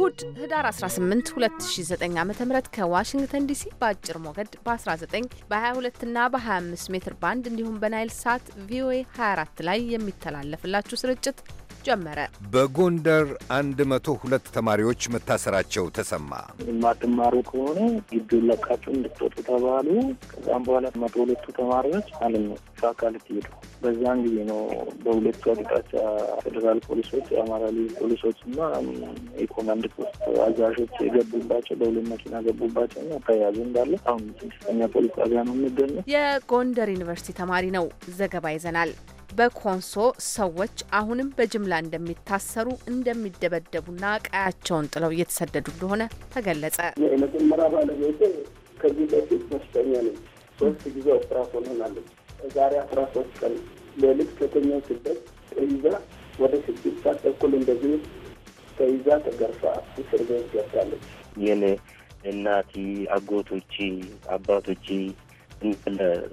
እሁድ ህዳር 18 2009 ዓ ም ከዋሽንግተን ዲሲ በአጭር ሞገድ በ19 በ22 እና በ25 ሜትር ባንድ እንዲሁም በናይል ሳት ቪኦኤ 24 ላይ የሚተላለፍላችሁ ስርጭት ጀመረ። በጎንደር 102 ተማሪዎች መታሰራቸው ተሰማ። የማትማሩ ከሆነ ግቢውን ለቃችሁ እንድትወጡ ተባሉ። ከዛም በኋላ መቶ ሁለቱ ተማሪዎች አለም ነው አካልት ሄዱ። በዛን ጊዜ ነው በሁለቱ አቅጣጫ ፌዴራል ፖሊሶች፣ የአማራ ልዩ ፖሊሶች እና የኮማንድ ፖስት አዛዦች የገቡባቸው በሁለት መኪና ገቡባቸው እና ተያዙ። እንዳለ አሁን ስድስተኛ ፖሊስ ጣቢያ ነው የሚገኘው። የጎንደር ዩኒቨርሲቲ ተማሪ ነው። ዘገባ ይዘናል። በኮንሶ ሰዎች አሁንም በጅምላ እንደሚታሰሩ እንደሚደበደቡና ቀያቸውን ጥለው እየተሰደዱ እንደሆነ ተገለጸ። የመጀመሪያ ባለቤቴ ከዚህ በፊት በሽተኛ ነች። ሶስት ጊዜ ኦፕራሲዮን ሆናለች። ዛሬ አስራ ሶስት ቀን ሌሊት ከተኛው ስደት ተይዛ ወደ ስድስት ሰዓት ተኩል እንደዚህ ተይዛ ተገርፋ እስር ቤት ገብታለች። የኔ እናቲ፣ አጎቶቼ፣ አባቶቼ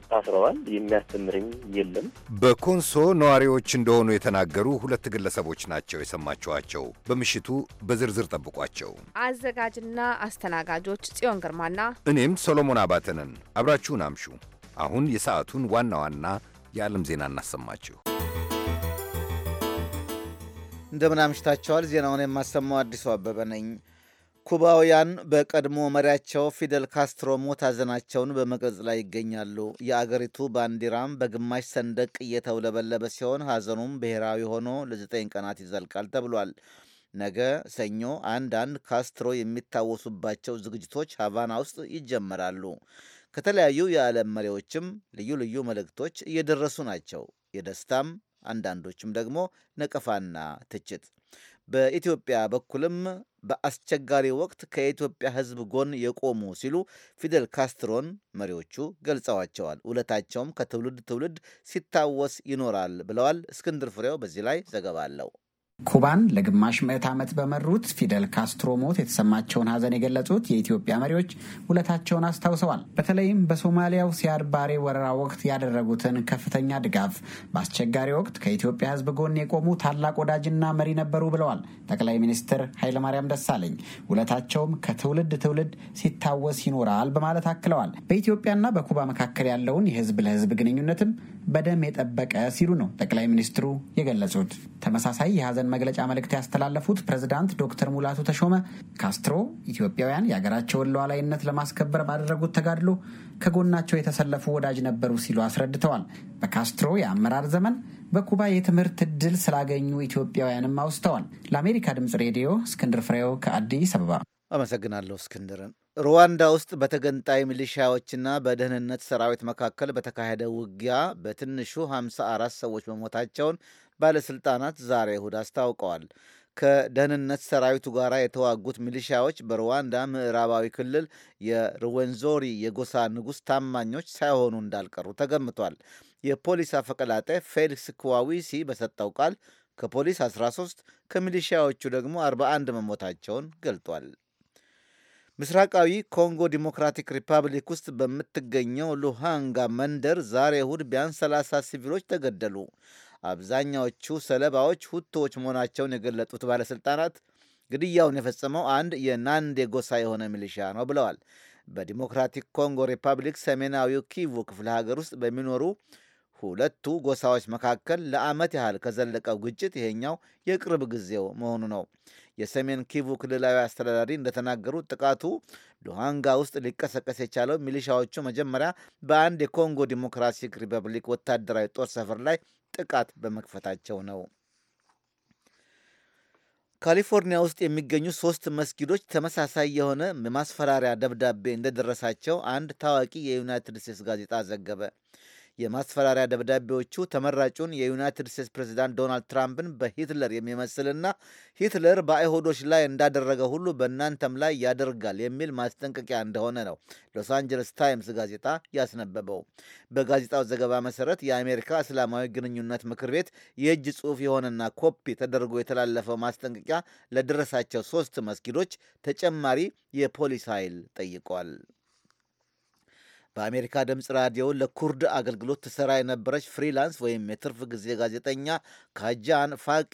ታስረዋል። የሚያስተምርኝ የለም። በኮንሶ ነዋሪዎች እንደሆኑ የተናገሩ ሁለት ግለሰቦች ናቸው የሰማችኋቸው። በምሽቱ በዝርዝር ጠብቋቸው። አዘጋጅና አስተናጋጆች ጽዮን ግርማና እኔም ሶሎሞን አባተንን አብራችሁን አምሹ። አሁን የሰዓቱን ዋና ዋና የዓለም ዜና እናሰማችሁ። እንደምን አምሽታቸዋል ዜናውን የማሰማው አዲሱ አበበ ነኝ። ኩባውያን በቀድሞ መሪያቸው ፊደል ካስትሮ ሞት ሐዘናቸውን በመግለጽ ላይ ይገኛሉ። የአገሪቱ ባንዲራም በግማሽ ሰንደቅ እየተውለበለበ ሲሆን ሐዘኑም ብሔራዊ ሆኖ ለዘጠኝ ቀናት ይዘልቃል ተብሏል። ነገ ሰኞ አንዳንድ ካስትሮ የሚታወሱባቸው ዝግጅቶች ሀቫና ውስጥ ይጀመራሉ። ከተለያዩ የዓለም መሪዎችም ልዩ ልዩ መልእክቶች እየደረሱ ናቸው። የደስታም አንዳንዶችም ደግሞ ነቀፋና ትችት። በኢትዮጵያ በኩልም በአስቸጋሪ ወቅት ከኢትዮጵያ ሕዝብ ጎን የቆሙ ሲሉ ፊደል ካስትሮን መሪዎቹ ገልጸዋቸዋል። ውለታቸውም ከትውልድ ትውልድ ሲታወስ ይኖራል ብለዋል። እስክንድር ፍሬው በዚህ ላይ ዘገባ አለው። ኩባን ለግማሽ ምዕት ዓመት በመሩት ፊደል ካስትሮ ሞት የተሰማቸውን ሐዘን የገለጹት የኢትዮጵያ መሪዎች ውለታቸውን አስታውሰዋል። በተለይም በሶማሊያው ሲያድ ባሬ ወረራ ወቅት ያደረጉትን ከፍተኛ ድጋፍ፣ በአስቸጋሪ ወቅት ከኢትዮጵያ ሕዝብ ጎን የቆሙ ታላቅ ወዳጅና መሪ ነበሩ ብለዋል ጠቅላይ ሚኒስትር ኃይለማርያም ደሳለኝ። ውለታቸውም ከትውልድ ትውልድ ሲታወስ ይኖራል በማለት አክለዋል። በኢትዮጵያና በኩባ መካከል ያለውን የሕዝብ ለሕዝብ ግንኙነትም በደም የጠበቀ ሲሉ ነው ጠቅላይ ሚኒስትሩ የገለጹት። ተመሳሳይ የሀዘን መግለጫ መልእክት ያስተላለፉት ፕሬዝዳንት ዶክተር ሙላቱ ተሾመ ካስትሮ ኢትዮጵያውያን የሀገራቸውን ሉዓላዊነት ለማስከበር ባደረጉት ተጋድሎ ከጎናቸው የተሰለፉ ወዳጅ ነበሩ ሲሉ አስረድተዋል። በካስትሮ የአመራር ዘመን በኩባ የትምህርት ዕድል ስላገኙ ኢትዮጵያውያንም አውስተዋል። ለአሜሪካ ድምጽ ሬዲዮ እስክንድር ፍሬው ከአዲስ አበባ አመሰግናለሁ። እስክንድርን ሩዋንዳ ውስጥ በተገንጣይ ሚሊሻዎችና በደህንነት ሰራዊት መካከል በተካሄደ ውጊያ በትንሹ 54 ሰዎች መሞታቸውን ባለሥልጣናት ዛሬ እሁድ አስታውቀዋል። ከደህንነት ሰራዊቱ ጋር የተዋጉት ሚሊሻዎች በሩዋንዳ ምዕራባዊ ክልል የሩዌንዞሪ የጎሳ ንጉሥ ታማኞች ሳይሆኑ እንዳልቀሩ ተገምቷል። የፖሊስ አፈቀላጤ ፌሊክስ ክዋዊሲ በሰጠው ቃል ከፖሊስ 13 ከሚሊሻዎቹ ደግሞ 41 መሞታቸውን ገልጧል። ምስራቃዊ ኮንጎ ዲሞክራቲክ ሪፐብሊክ ውስጥ በምትገኘው ሉሃንጋ መንደር ዛሬ እሁድ ቢያንስ 30 ሲቪሎች ተገደሉ። አብዛኛዎቹ ሰለባዎች ሁቶዎች መሆናቸውን የገለጡት ባለሥልጣናት ግድያውን የፈጸመው አንድ የናንዴ ጎሳ የሆነ ሚሊሻ ነው ብለዋል። በዲሞክራቲክ ኮንጎ ሪፐብሊክ ሰሜናዊው ኪቩ ክፍለ ሀገር ውስጥ በሚኖሩ ሁለቱ ጎሳዎች መካከል ለዓመት ያህል ከዘለቀው ግጭት ይሄኛው የቅርብ ጊዜው መሆኑ ነው። የሰሜን ኪቩ ክልላዊ አስተዳዳሪ እንደተናገሩት ጥቃቱ ሉሃንጋ ውስጥ ሊቀሰቀስ የቻለው ሚሊሻዎቹ መጀመሪያ በአንድ የኮንጎ ዲሞክራሲክ ሪፐብሊክ ወታደራዊ ጦር ሰፈር ላይ ጥቃት በመክፈታቸው ነው። ካሊፎርኒያ ውስጥ የሚገኙ ሶስት መስጊዶች ተመሳሳይ የሆነ የማስፈራሪያ ደብዳቤ እንደደረሳቸው አንድ ታዋቂ የዩናይትድ ስቴትስ ጋዜጣ ዘገበ። የማስፈራሪያ ደብዳቤዎቹ ተመራጩን የዩናይትድ ስቴትስ ፕሬዚዳንት ዶናልድ ትራምፕን በሂትለር የሚመስልና ሂትለር በአይሁዶች ላይ እንዳደረገ ሁሉ በእናንተም ላይ ያደርጋል የሚል ማስጠንቀቂያ እንደሆነ ነው ሎስ አንጀለስ ታይምስ ጋዜጣ ያስነበበው። በጋዜጣው ዘገባ መሰረት የአሜሪካ እስላማዊ ግንኙነት ምክር ቤት የእጅ ጽሑፍ የሆነና ኮፒ ተደርጎ የተላለፈው ማስጠንቀቂያ ለደረሳቸው ሶስት መስጊዶች ተጨማሪ የፖሊስ ኃይል ጠይቋል። በአሜሪካ ድምፅ ራዲዮ ለኩርድ አገልግሎት ትሰራ የነበረች ፍሪላንስ ወይም የትርፍ ጊዜ ጋዜጠኛ ካጃን ፋቂ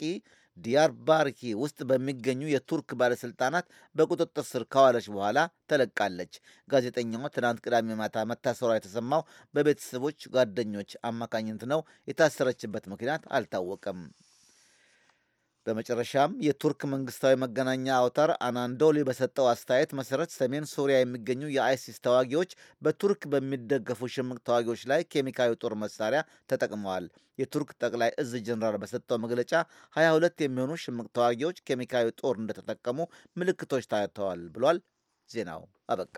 ዲያርባርኪ ውስጥ በሚገኙ የቱርክ ባለሥልጣናት በቁጥጥር ስር ካዋለች በኋላ ተለቃለች። ጋዜጠኛዋ ትናንት ቅዳሜ ማታ መታሰሯ የተሰማው በቤተሰቦች ጓደኞች አማካኝነት ነው። የታሰረችበት ምክንያት አልታወቀም። በመጨረሻም የቱርክ መንግስታዊ መገናኛ አውታር አናንዶሊ በሰጠው አስተያየት መሰረት ሰሜን ሶሪያ የሚገኙ የአይሲስ ተዋጊዎች በቱርክ በሚደገፉ ሽምቅ ተዋጊዎች ላይ ኬሚካዊ ጦር መሳሪያ ተጠቅመዋል። የቱርክ ጠቅላይ እዝ ጀኔራል በሰጠው መግለጫ 22 የሚሆኑ ሽምቅ ተዋጊዎች ኬሚካዊ ጦር እንደተጠቀሙ ምልክቶች ታይተዋል ብሏል። ዜናው አበቃ።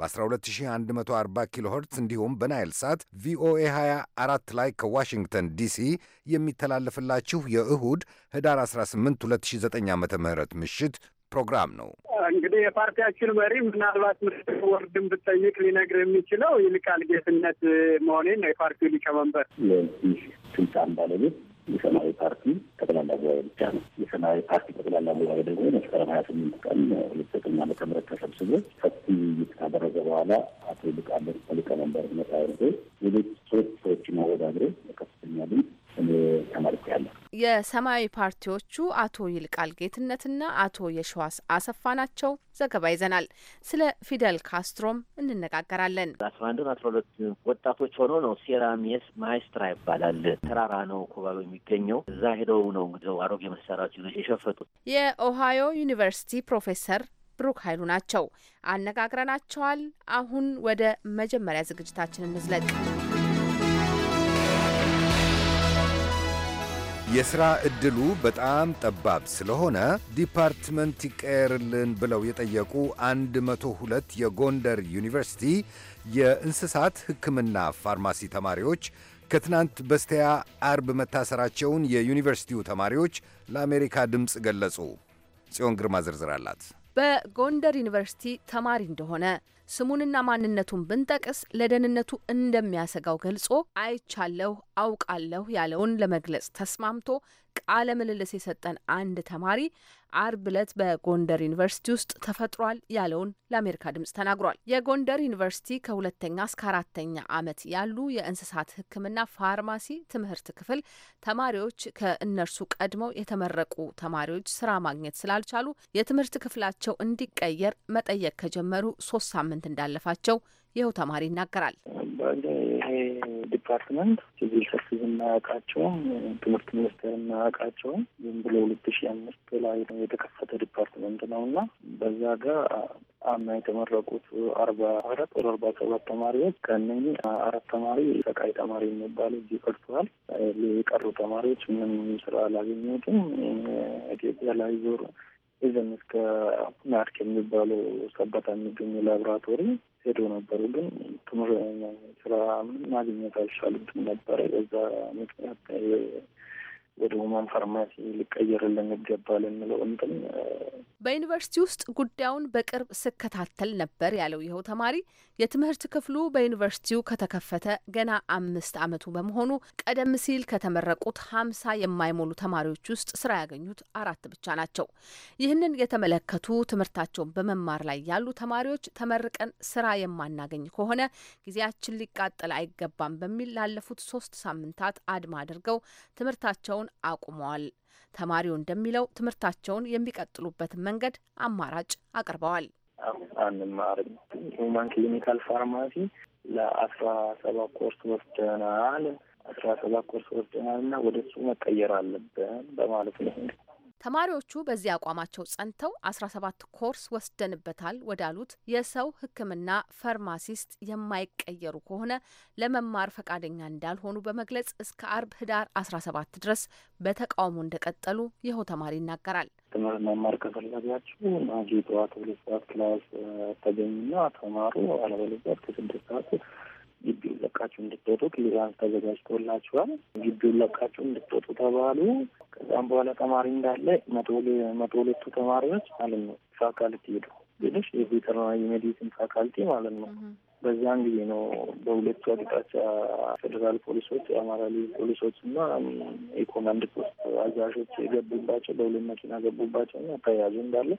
በ12140 ኪሎ ኸርትዝ እንዲሁም በናይል ሳት ቪኦኤ 24 ላይ ከዋሽንግተን ዲሲ የሚተላለፍላችሁ የእሁድ ህዳር 18 2009 ዓ ም ምሽት ፕሮግራም ነው። እንግዲህ የፓርቲያችን መሪ ምናልባት ምክትል ወርድን ብጠይቅ ሊነግር የሚችለው ይልቃል ጌትነት መሆኔን ነው። የፓርቲው ሊቀመንበር ስልጣን ባለቤት የሰማያዊ ፓርቲ ጠቅላላ ጉባኤ ብቻ ነው። የሰማያዊ ፓርቲ ጠቅላላ ጉባኤ ደግሞ መስከረም ሀያ ስምንት ቀን ሁለት ዘጠኝ ዓመተ ምህረት ተሰብስቦ ሰፊ ውይይት ካደረገ በኋላ አቶ ይልቃለን ሊቀመንበርነት አይነት ሌሎች ሶስት ሰዎችን አወዳድሮ በከፍተኛ ድምፅ ተመርኩ ያለሁ። የሰማያዊ ፓርቲዎቹ አቶ ይልቃል ጌትነትና አቶ የሸዋስ አሰፋ ናቸው። ዘገባ ይዘናል። ስለ ፊደል ካስትሮም እንነጋገራለን። አስራ አንድ አስራ ሁለት ወጣቶች ሆኖ ነው ሴራሚየስ ማይስትራ ይባላል ተራራ ነው ኩባ የሚገኘው። እዛ ሄደው ነው አሮጌ መሳሪያዎች የሸፈጡት። የኦሃዮ ዩኒቨርሲቲ ፕሮፌሰር ብሩክ ኃይሉ ናቸው። አነጋግረናቸዋል። አሁን ወደ መጀመሪያ ዝግጅታችን እንዝለቅ። የሥራ ዕድሉ በጣም ጠባብ ስለሆነ ዲፓርትመንት ይቀየርልን ብለው የጠየቁ 102 የጎንደር ዩኒቨርሲቲ የእንስሳት ሕክምና ፋርማሲ ተማሪዎች ከትናንት በስቲያ አርብ መታሰራቸውን የዩኒቨርሲቲው ተማሪዎች ለአሜሪካ ድምፅ ገለጹ። ጽዮን ግርማ ዝርዝር አላት። በጎንደር ዩኒቨርሲቲ ተማሪ እንደሆነ ስሙንና ማንነቱን ብንጠቅስ ለደህንነቱ እንደሚያሰጋው ገልጾ አይቻለሁ፣ አውቃለሁ ያለውን ለመግለጽ ተስማምቶ ቃለ ምልልስ የሰጠን አንድ ተማሪ አርብ ዕለት በጎንደር ዩኒቨርሲቲ ውስጥ ተፈጥሯል ያለውን ለአሜሪካ ድምጽ ተናግሯል። የጎንደር ዩኒቨርሲቲ ከሁለተኛ እስከ አራተኛ ዓመት ያሉ የእንስሳት ሕክምና ፋርማሲ ትምህርት ክፍል ተማሪዎች ከእነርሱ ቀድመው የተመረቁ ተማሪዎች ስራ ማግኘት ስላልቻሉ የትምህርት ክፍላቸው እንዲቀየር መጠየቅ ከጀመሩ ሶስት ሳምንት እንዳለፋቸው ይኸው ተማሪ ይናገራል። ዲፓርትመንት ሲቪል ሰርቪስ እናያውቃቸውም ትምህርት ሚኒስቴር እናያውቃቸውም ዝም ብሎ ሁለት ሺ አምስት ላይ ነው የተከፈተ ዲፓርትመንት ነው እና በዛ ጋር አና የተመረቁት አርባ አራት ወደ አርባ ሰባት ተማሪዎች ከእነኚህ አራት ተማሪ ሰቃይ ተማሪ የሚባሉ እዚህ ቀርተዋል። የቀሩ ተማሪዎች ምንም ስራ አላገኘትም። ኢትዮጵያ ላይ ዞር ኢዘን እስከ ናርክ የሚባለው ሰበታ የሚገኙ ላብራቶሪ ሄዶ ነበሩ ግን ስራ ማግኘት አልቻሉትም ነበረ። በዛ ምክንያት ወደ ሁማን ፋርማሲ ሊቀየርልን ይገባል የምለው እንትን በዩኒቨርሲቲ ውስጥ ጉዳዩን በቅርብ ስከታተል ነበር ያለው ይኸው ተማሪ የትምህርት ክፍሉ በዩኒቨርሲቲው ከተከፈተ ገና አምስት ዓመቱ በመሆኑ ቀደም ሲል ከተመረቁት ሀምሳ የማይሞሉ ተማሪዎች ውስጥ ስራ ያገኙት አራት ብቻ ናቸው። ይህንን የተመለከቱ ትምህርታቸውን በመማር ላይ ያሉ ተማሪዎች ተመርቀን ስራ የማናገኝ ከሆነ ጊዜያችን ሊቃጠል አይገባም በሚል ላለፉት ሶስት ሳምንታት አድማ አድርገው ትምህርታቸው። ትምህርታቸውን አቁመዋል። ተማሪው እንደሚለው ትምህርታቸውን የሚቀጥሉበት መንገድ አማራጭ አቅርበዋል። አንማርም ሁማን ክሊኒካል ፋርማሲ ለአስራ ሰባት ኮርስ ወስደናል አስራ ሰባት ኮርስ ወስደናል እና ወደ እሱ መቀየር አለብን በማለት ነው። ተማሪዎቹ በዚህ አቋማቸው ጸንተው 17 ኮርስ ወስደንበታል ወዳሉት የሰው ሕክምና ፋርማሲስት የማይቀየሩ ከሆነ ለመማር ፈቃደኛ እንዳልሆኑ በመግለጽ እስከ አርብ ህዳር 17 ድረስ በተቃውሞ እንደቀጠሉ ይኸው ተማሪ ይናገራል። ትምህርት መማር ከፈለጋችሁ ማጌ ጠዋት ሁለት ሰዓት ክላስ ተገኙና ተማሩ፣ አለበለዚያ እስከ ስድስት ሰዓት ግቢውን ለቃችሁ እንድትወጡ ክሊራንስ ተዘጋጅቶላችኋል፣ ግቢውን ለቃችሁ እንድትወጡ ተባሉ። ከዛም በኋላ ተማሪ እንዳለ መቶ ሁለቱ ተማሪዎች ማለት ነው ፋካልቲ ሄዱ ብልሽ የቬተርናሪ ሜዲሲን ፋካልቲ ማለት ነው። በዚያን ጊዜ ነው በሁለቱ አቅጣጫ ፌዴራል ፖሊሶች፣ የአማራ ልዩ ፖሊሶች እና የኮማንድ ፖስት አዛዦች የገቡባቸው በሁለት መኪና ገቡባቸው እና ተያዙ እንዳለ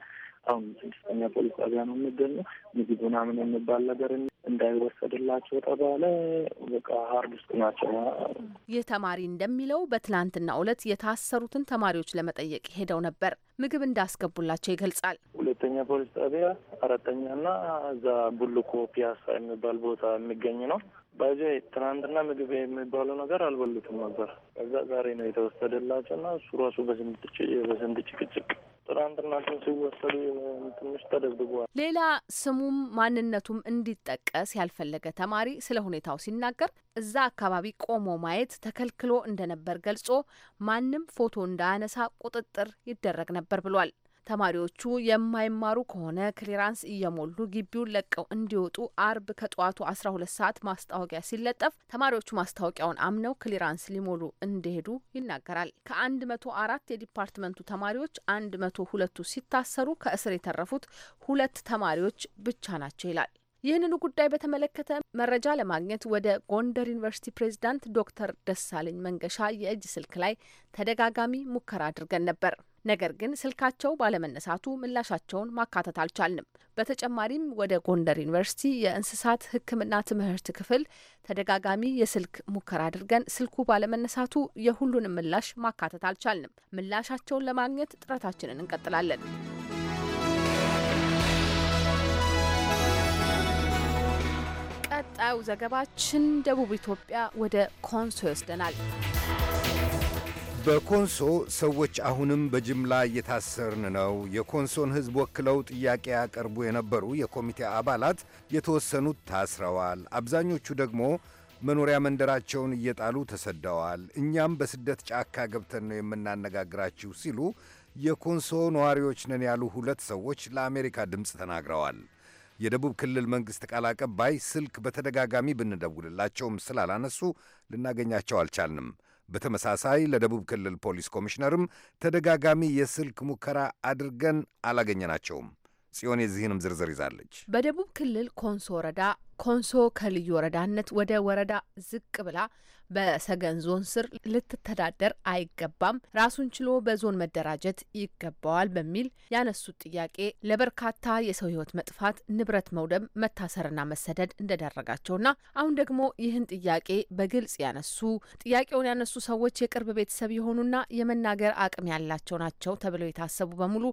አሁን ስድስተኛ ፖሊስ ጣቢያ ነው የሚገኘው። ምግብ ምናምን የሚባል ነገር እንዳይወሰድላቸው ተባለ። በቃ ሀርድ ውስጥ ናቸው። ይህ ተማሪ እንደሚለው በትናንትና ዕለት የታሰሩትን ተማሪዎች ለመጠየቅ ሄደው ነበር። ምግብ እንዳስገቡላቸው ይገልጻል። ሁለተኛ ፖሊስ ጣቢያ አራተኛና እዛ ቡልኮ ፒያሳ የሚባል ቦታ የሚገኝ ነው። ባይዘ ትናንትና ምግብ የሚባለው ነገር አልበሉትም ነበር። ከዛ ዛሬ ነው የተወሰደላቸው እና እሱ ራሱ በስንት ጭቅጭቅ ትናንትናችን ሲወሰዱ ትንሽ ተደብድበዋል። ሌላ ስሙም ማንነቱም እንዲጠቀስ ያልፈለገ ተማሪ ስለ ሁኔታው ሲናገር እዛ አካባቢ ቆሞ ማየት ተከልክሎ እንደነበር ገልጾ ማንም ፎቶ እንዳያነሳ ቁጥጥር ይደረግ ነበር ብሏል። ተማሪዎቹ የማይማሩ ከሆነ ክሊራንስ እየሞሉ ግቢውን ለቀው እንዲወጡ አርብ ከጠዋቱ አስራ ሁለት ሰዓት ማስታወቂያ ሲለጠፍ ተማሪዎቹ ማስታወቂያውን አምነው ክሊራንስ ሊሞሉ እንደሄዱ ይናገራል። ከአንድ መቶ አራት የዲፓርትመንቱ ተማሪዎች አንድ መቶ ሁለቱ ሲታሰሩ ከእስር የተረፉት ሁለት ተማሪዎች ብቻ ናቸው ይላል። ይህንኑ ጉዳይ በተመለከተ መረጃ ለማግኘት ወደ ጎንደር ዩኒቨርሲቲ ፕሬዚዳንት ዶክተር ደሳለኝ መንገሻ የእጅ ስልክ ላይ ተደጋጋሚ ሙከራ አድርገን ነበር። ነገር ግን ስልካቸው ባለመነሳቱ ምላሻቸውን ማካተት አልቻልንም። በተጨማሪም ወደ ጎንደር ዩኒቨርሲቲ የእንስሳት ሕክምና ትምህርት ክፍል ተደጋጋሚ የስልክ ሙከራ አድርገን ስልኩ ባለመነሳቱ የሁሉንም ምላሽ ማካተት አልቻልንም። ምላሻቸውን ለማግኘት ጥረታችንን እንቀጥላለን። ቀጣዩ ዘገባችን ደቡብ ኢትዮጵያ ወደ ኮንሶ ይወስደናል። በኮንሶ ሰዎች አሁንም በጅምላ እየታሰርን ነው። የኮንሶን ሕዝብ ወክለው ጥያቄ ያቀርቡ የነበሩ የኮሚቴ አባላት የተወሰኑት ታስረዋል፣ አብዛኞቹ ደግሞ መኖሪያ መንደራቸውን እየጣሉ ተሰደዋል። እኛም በስደት ጫካ ገብተን ነው የምናነጋግራችሁ ሲሉ የኮንሶ ነዋሪዎች ነን ያሉ ሁለት ሰዎች ለአሜሪካ ድምፅ ተናግረዋል። የደቡብ ክልል መንግሥት ቃል አቀባይ ስልክ በተደጋጋሚ ብንደውልላቸውም ስላላነሱ ልናገኛቸው አልቻልንም። በተመሳሳይ ለደቡብ ክልል ፖሊስ ኮሚሽነርም ተደጋጋሚ የስልክ ሙከራ አድርገን አላገኘናቸውም። ጽዮን የዚህንም ዝርዝር ይዛለች። በደቡብ ክልል ኮንሶ ወረዳ ኮንሶ ከልዩ ወረዳነት ወደ ወረዳ ዝቅ ብላ በሰገን ዞን ስር ልትተዳደር አይገባም፣ ራሱን ችሎ በዞን መደራጀት ይገባዋል በሚል ያነሱት ጥያቄ ለበርካታ የሰው ህይወት መጥፋት፣ ንብረት መውደም፣ መታሰርና መሰደድ እንደዳረጋቸውና አሁን ደግሞ ይህን ጥያቄ በግልጽ ያነሱ ጥያቄውን ያነሱ ሰዎች የቅርብ ቤተሰብ የሆኑና የመናገር አቅም ያላቸው ናቸው ተብለው የታሰቡ በሙሉ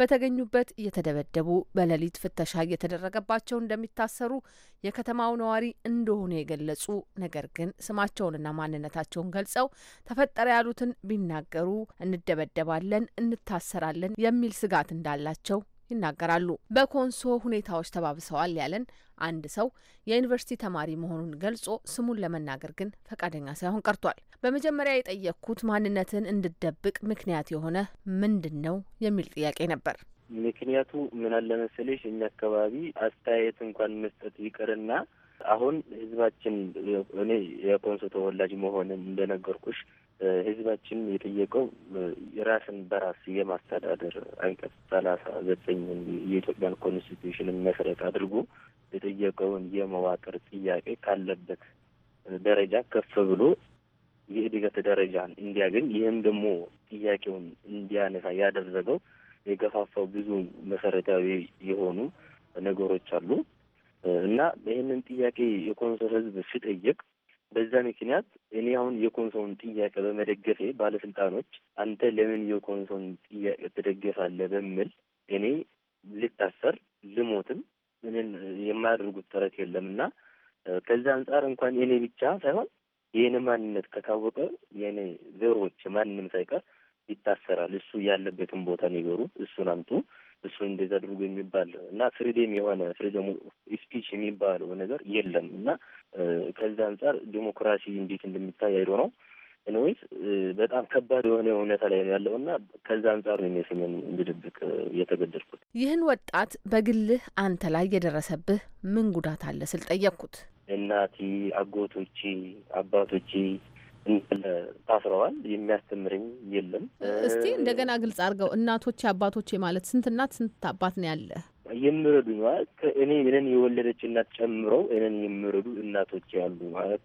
በተገኙበት እየተደበደቡ በሌሊት ፍተሻ እየተደረገባቸው እንደሚታሰሩ የከተማው ነዋሪ እንደሆኑ የገለጹ ነገር ግን ስማቸውንና ስማቸውንና ማንነታቸውን ገልጸው ተፈጠረ ያሉትን ቢናገሩ እንደበደባለን፣ እንታሰራለን የሚል ስጋት እንዳላቸው ይናገራሉ። በኮንሶ ሁኔታዎች ተባብሰዋል ያለን አንድ ሰው የዩኒቨርሲቲ ተማሪ መሆኑን ገልጾ ስሙን ለመናገር ግን ፈቃደኛ ሳይሆን ቀርቷል። በመጀመሪያ የጠየቅኩት ማንነትን እንድደብቅ ምክንያት የሆነ ምንድን ነው የሚል ጥያቄ ነበር። ምክንያቱ ምን አለ መሰለሽ እኛ አካባቢ አስተያየት እንኳን መስጠት ይቅርና አሁን ህዝባችን እኔ የኮንሶ ተወላጅ መሆንን እንደነገርኩሽ ህዝባችን የጠየቀው የራስን በራስ የማስተዳደር አንቀጽ ሰላሳ ዘጠኝን የኢትዮጵያን ኮንስቲቱሽን መሰረት አድርጎ የጠየቀውን የመዋቅር ጥያቄ ካለበት ደረጃ ከፍ ብሎ የእድገት ደረጃን እንዲያገኝ ይህም ደግሞ ጥያቄውን እንዲያነሳ ያደረገው የገፋፋው ብዙ መሰረታዊ የሆኑ ነገሮች አሉ። እና ይህንን ጥያቄ የኮንሶ ህዝብ ሲጠይቅ በዛ ምክንያት እኔ አሁን የኮንሶውን ጥያቄ በመደገፌ ባለስልጣኖች አንተ ለምን የኮንሶውን ጥያቄ ትደገፋለህ በሚል እኔ ልታሰር ልሞትም ምንን የማያደርጉት ጥረት የለም እና ከዛ አንጻር እንኳን የኔ ብቻ ሳይሆን የኔ ማንነት ከታወቀ የኔ ዘሮች ማንም ሳይቀር ይታሰራል። እሱ ያለበትን ቦታ ንገሩ፣ እሱን አምጡ እሱ እንዴት አድርጎ የሚባል እና ፍሪዴም የሆነ ፍሪደም ስፒች የሚባለው ነገር የለም እና ከዛ አንጻር ዲሞክራሲ እንዴት እንደሚታይ አይዶ ነው ኤኒዌይስ በጣም ከባድ የሆነ ሁኔታ ላይ ያለው እና ከዛ አንጻር ነው የሚያስመን እንድድብቅ እየተገደድኩት። ይህን ወጣት በግልህ አንተ ላይ የደረሰብህ ምን ጉዳት አለ ስል ጠየቅኩት። እናቴ፣ አጎቶቼ፣ አባቶቼ ታስረዋል። የሚያስተምርኝ የለም። እስቲ እንደገና ግልጽ አድርገው እናቶች አባቶቼ ማለት ስንት እናት ስንት አባት ነው ያለ? የምረዱ ማለት ከእኔ እኔን የወለደች እናት ጨምረው እኔን የሚረዱ እናቶች ያሉ ማለት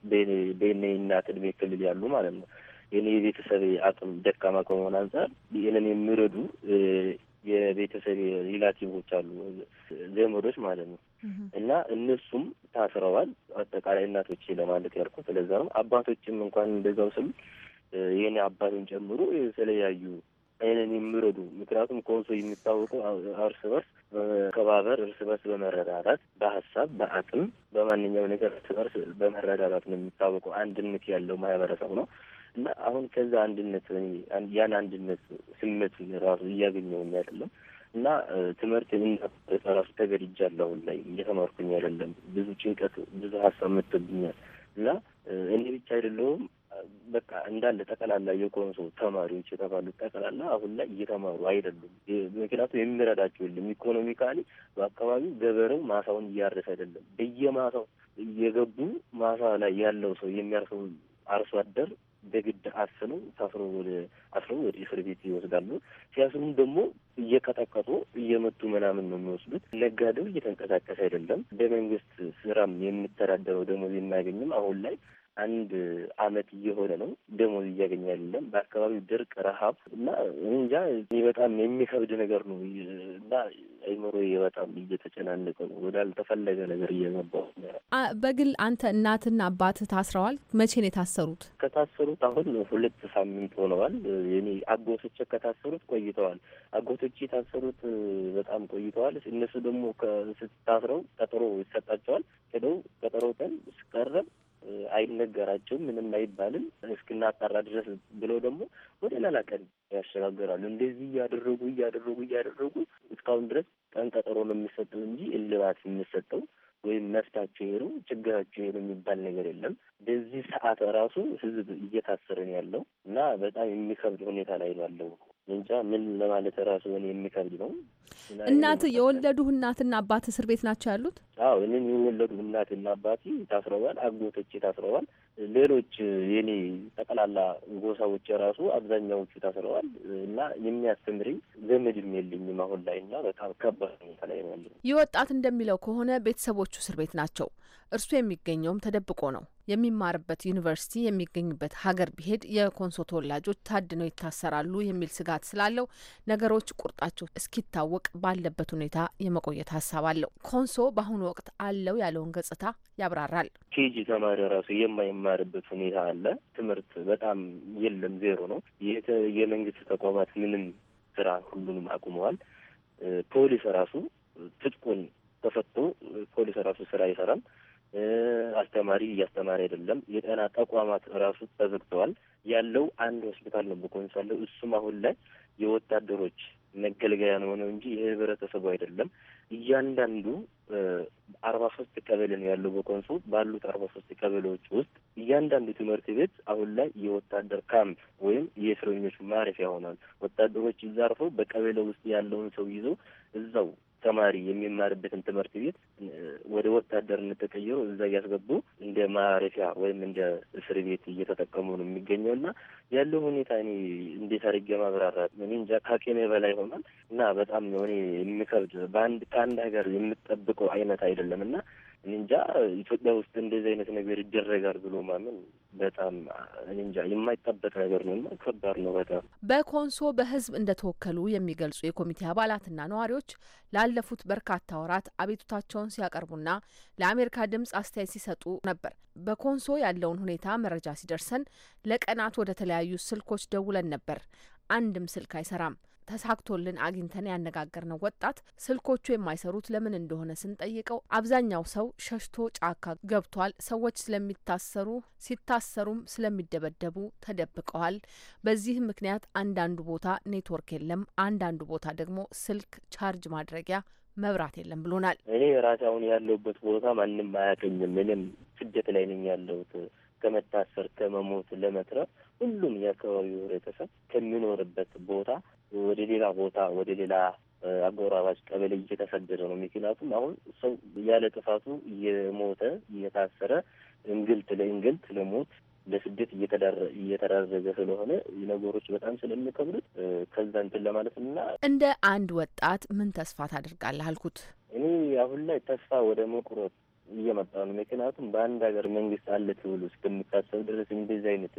በእኔ እናት እድሜ ክልል ያሉ ማለት ነው። የኔ የቤተሰብ አቅም ደካማ ከመሆን አንጻር እኔን የሚረዱ የቤተሰብ ሪላቲቮች አሉ ዘመዶች ማለት ነው። እና እነሱም ታስረዋል። አጠቃላይ እናቶች ለማለት ያልኩ ስለዛ ነው። አባቶችም እንኳን እንደዛው ስሉ ይህን አባትን ጨምሮ የተለያዩ አይነን የሚረዱ ምክንያቱም ኮንሶ የሚታወቀው እርስ በርስ በመከባበር እርስ በርስ በመረዳዳት በሀሳብ በአቅም በማንኛውም ነገር እርስ በርስ በመረዳዳት ነው የሚታወቀው። አንድነት ያለው ማህበረሰብ ነው። እና አሁን ከዛ አንድነት ያን አንድነት ስሜት ራሱ እያገኘው አይደለም እና ትምህርት እንዳሰ ራሱ ተገድጃለሁ። አሁን ላይ እየተማርኩኝ አይደለም። ብዙ ጭንቀት፣ ብዙ ሀሳብ መጥቶብኛል እና እኔ ብቻ አይደለሁም በቃ እንዳለ ጠቅላላ የኮንሶ ተማሪዎች የተባሉት ጠቀላላ አሁን ላይ እየተማሩ አይደሉም። ምክንያቱም የሚረዳቸው የለም። ኢኮኖሚካሊ በአካባቢው ገበሬው ማሳውን እያረሰ አይደለም። በየማሳው እየገቡ ማሳ ላይ ያለው ሰው የሚያርሰው አርሶ አደር በግድ አስኑ ታስረው ወደ አስሮ ወደ እስር ቤት ይወስዳሉ። ሲያስሩም ደግሞ እየቀጠቀጡ እየመቱ ምናምን ነው የሚወስዱት። ነጋዴው እየተንቀሳቀሰ አይደለም። በመንግስት ስራም የሚተዳደረው ደሞዝ የማያገኝም አሁን ላይ አንድ አመት እየሆነ ነው። ደሞዝ እያገኘ አይደለም። በአካባቢው ድርቅ፣ ረሀብ እና እንጃ በጣም የሚከብድ ነገር ነው እና አይምሮ በጣም እየተጨናነቀ ነው። ወዳልተፈለገ ነገር እየገባው በግል አንተ እናትና አባት ታስረዋል። መቼ ነው የታሰሩት? ከታሰሩት አሁን ሁለት ሳምንት ሆነዋል። የኔ አጎቶች ከታሰሩት ቆይተዋል። አጎቶች የታሰሩት በጣም ቆይተዋል። እነሱ ደግሞ ከስታስረው ቀጠሮ ይሰጣቸዋል። ሄደው ቀጠሮ ቀን አይነገራቸውም፣ ምንም አይባልም እስክናጣራ ድረስ ብለው ደግሞ ወደ ሌላ ቀን ያሸጋግራሉ። እንደዚህ እያደረጉ እያደረጉ እያደረጉ እስካሁን ድረስ ቀን ቀጠሮ ነው የሚሰጠው እንጂ እልባት የሚሰጠው ወይም መፍታቸው ይሄ ችግራቸው ይሄ የሚባል ነገር የለም። በዚህ ሰዓት ራሱ ህዝብ እየታሰረን ያለው እና በጣም የሚከብድ ሁኔታ ላይ ነው ያለው እንጃ ምን ለማለት ራሱ ሆን የሚከብድ ነው። እናት የወለዱህ እናትና አባት እስር ቤት ናቸው ያሉት? አዎ እኔም የወለዱ እናትና አባት ታስረዋል። አጎቶቼ ታስረዋል። ሌሎች የኔ ጠቅላላ ጎሳዎች ራሱ አብዛኛዎቹ ታስረዋል እና የሚያስተምርኝ ዘመድም የለኝም አሁን ላይ እና በጣም ከባድ ሁኔታ ላይ ነው ያለ። ይህ ወጣት እንደሚለው ከሆነ ቤተሰቦቹ እስር ቤት ናቸው። እርሱ የሚገኘውም ተደብቆ ነው። የሚማርበት ዩኒቨርሲቲ የሚገኝበት ሀገር ቢሄድ የኮንሶ ተወላጆች ታድነው ይታሰራሉ የሚል ስጋት ስላለው ነገሮች ቁርጣቸው እስኪታወቅ ባለበት ሁኔታ የመቆየት ሀሳብ አለው። ኮንሶ በአሁኑ ወቅት አለው ያለውን ገጽታ ያብራራል። ኬጂ ተማሪ ራሱ የማይማርበት ሁኔታ አለ። ትምህርት በጣም የለም፣ ዜሮ ነው። የመንግስት ተቋማት ምንም ስራ ሁሉንም አቁመዋል። ፖሊስ ራሱ ትጥቁን ተፈቶ ፖሊስ ራሱ ስራ ይሰራል። አስተማሪ እያስተማሪ አይደለም። የጤና ተቋማት ራሱ ተዘግተዋል። ያለው አንድ ሆስፒታል ነው በኮንሶ ያለው። እሱም አሁን ላይ የወታደሮች መገልገያ ነው ነው እንጂ የህብረተሰቡ አይደለም። እያንዳንዱ አርባ ሶስት ቀበሌ ነው ያለው በኮንሶ ባሉት አርባ ሶስት ቀበሌዎች ውስጥ እያንዳንዱ ትምህርት ቤት አሁን ላይ የወታደር ካምፕ ወይም የእስረኞች ማረፊያ ሆኗል። ወታደሮች ይዛርፈው በቀበሌ ውስጥ ያለውን ሰው ይዘው እዛው ተማሪ የሚማርበትን ትምህርት ቤት ወደ ወታደርነት ተቀይሮ እዛ እያስገቡ እንደ ማረፊያ ወይም እንደ እስር ቤት እየተጠቀሙ ነው የሚገኘው እና ያለው ሁኔታ እኔ እንዴት አድርጌ ማብራራት እኔ እንጃ ከአቅሜ በላይ ሆኗል እና በጣም እኔ የሚከብድ በአንድ ከአንድ ሀገር የምጠብቀው አይነት አይደለም እና እንጃ ኢትዮጵያ ውስጥ እንደዚህ አይነት ነገር ይደረጋል ብሎ ማመን በጣም እንጃ የማይጠበቅ ነገር እና ከባድ ነው በጣም። በኮንሶ በህዝብ እንደተወከሉ የሚገልጹ የኮሚቴ አባላትና ነዋሪዎች ላለፉት በርካታ ወራት አቤቱታቸውን ሲያቀርቡና ለአሜሪካ ድምጽ አስተያየት ሲሰጡ ነበር። በኮንሶ ያለውን ሁኔታ መረጃ ሲደርሰን ለቀናት ወደ ተለያዩ ስልኮች ደውለን ነበር። አንድም ስልክ አይሰራም። ተሳክቶልን አግኝተን ያነጋገርነው ወጣት ስልኮቹ የማይሰሩት ለምን እንደሆነ ስንጠይቀው አብዛኛው ሰው ሸሽቶ ጫካ ገብቷል፣ ሰዎች ስለሚታሰሩ ሲታሰሩም ስለሚደበደቡ ተደብቀዋል። በዚህ ምክንያት አንዳንዱ ቦታ ኔትወርክ የለም፣ አንዳንዱ ቦታ ደግሞ ስልክ ቻርጅ ማድረጊያ መብራት የለም ብሎናል። እኔ ራሴ አሁን ያለሁበት ቦታ ማንም አያገኝም። ምንም ስደት ላይ ነኝ ያለሁት ከመታሰር ከመሞት ለመትረፍ ሁሉም የአካባቢው ህብረተሰብ ከሚኖርበት ቦታ ወደ ሌላ ቦታ ወደ ሌላ አጎራባች ቀበሌ እየተሰደደ ነው። ምክንያቱም አሁን ሰው ያለ ጥፋቱ እየሞተ እየታሰረ፣ እንግልት ለእንግልት ለሞት ለስደት እየተዳረገ ስለሆነ ነገሮች በጣም ስለሚከብዱት ከዛ እንትን ለማለት እና እንደ አንድ ወጣት ምን ተስፋ ታደርጋለህ አልኩት። እኔ አሁን ላይ ተስፋ ወደ መቁረጥ እየመጣ ነው። ምክንያቱም በአንድ ሀገር መንግስት አለ ተብሎ እስከሚታሰብ ድረስ እንደዚህ አይነት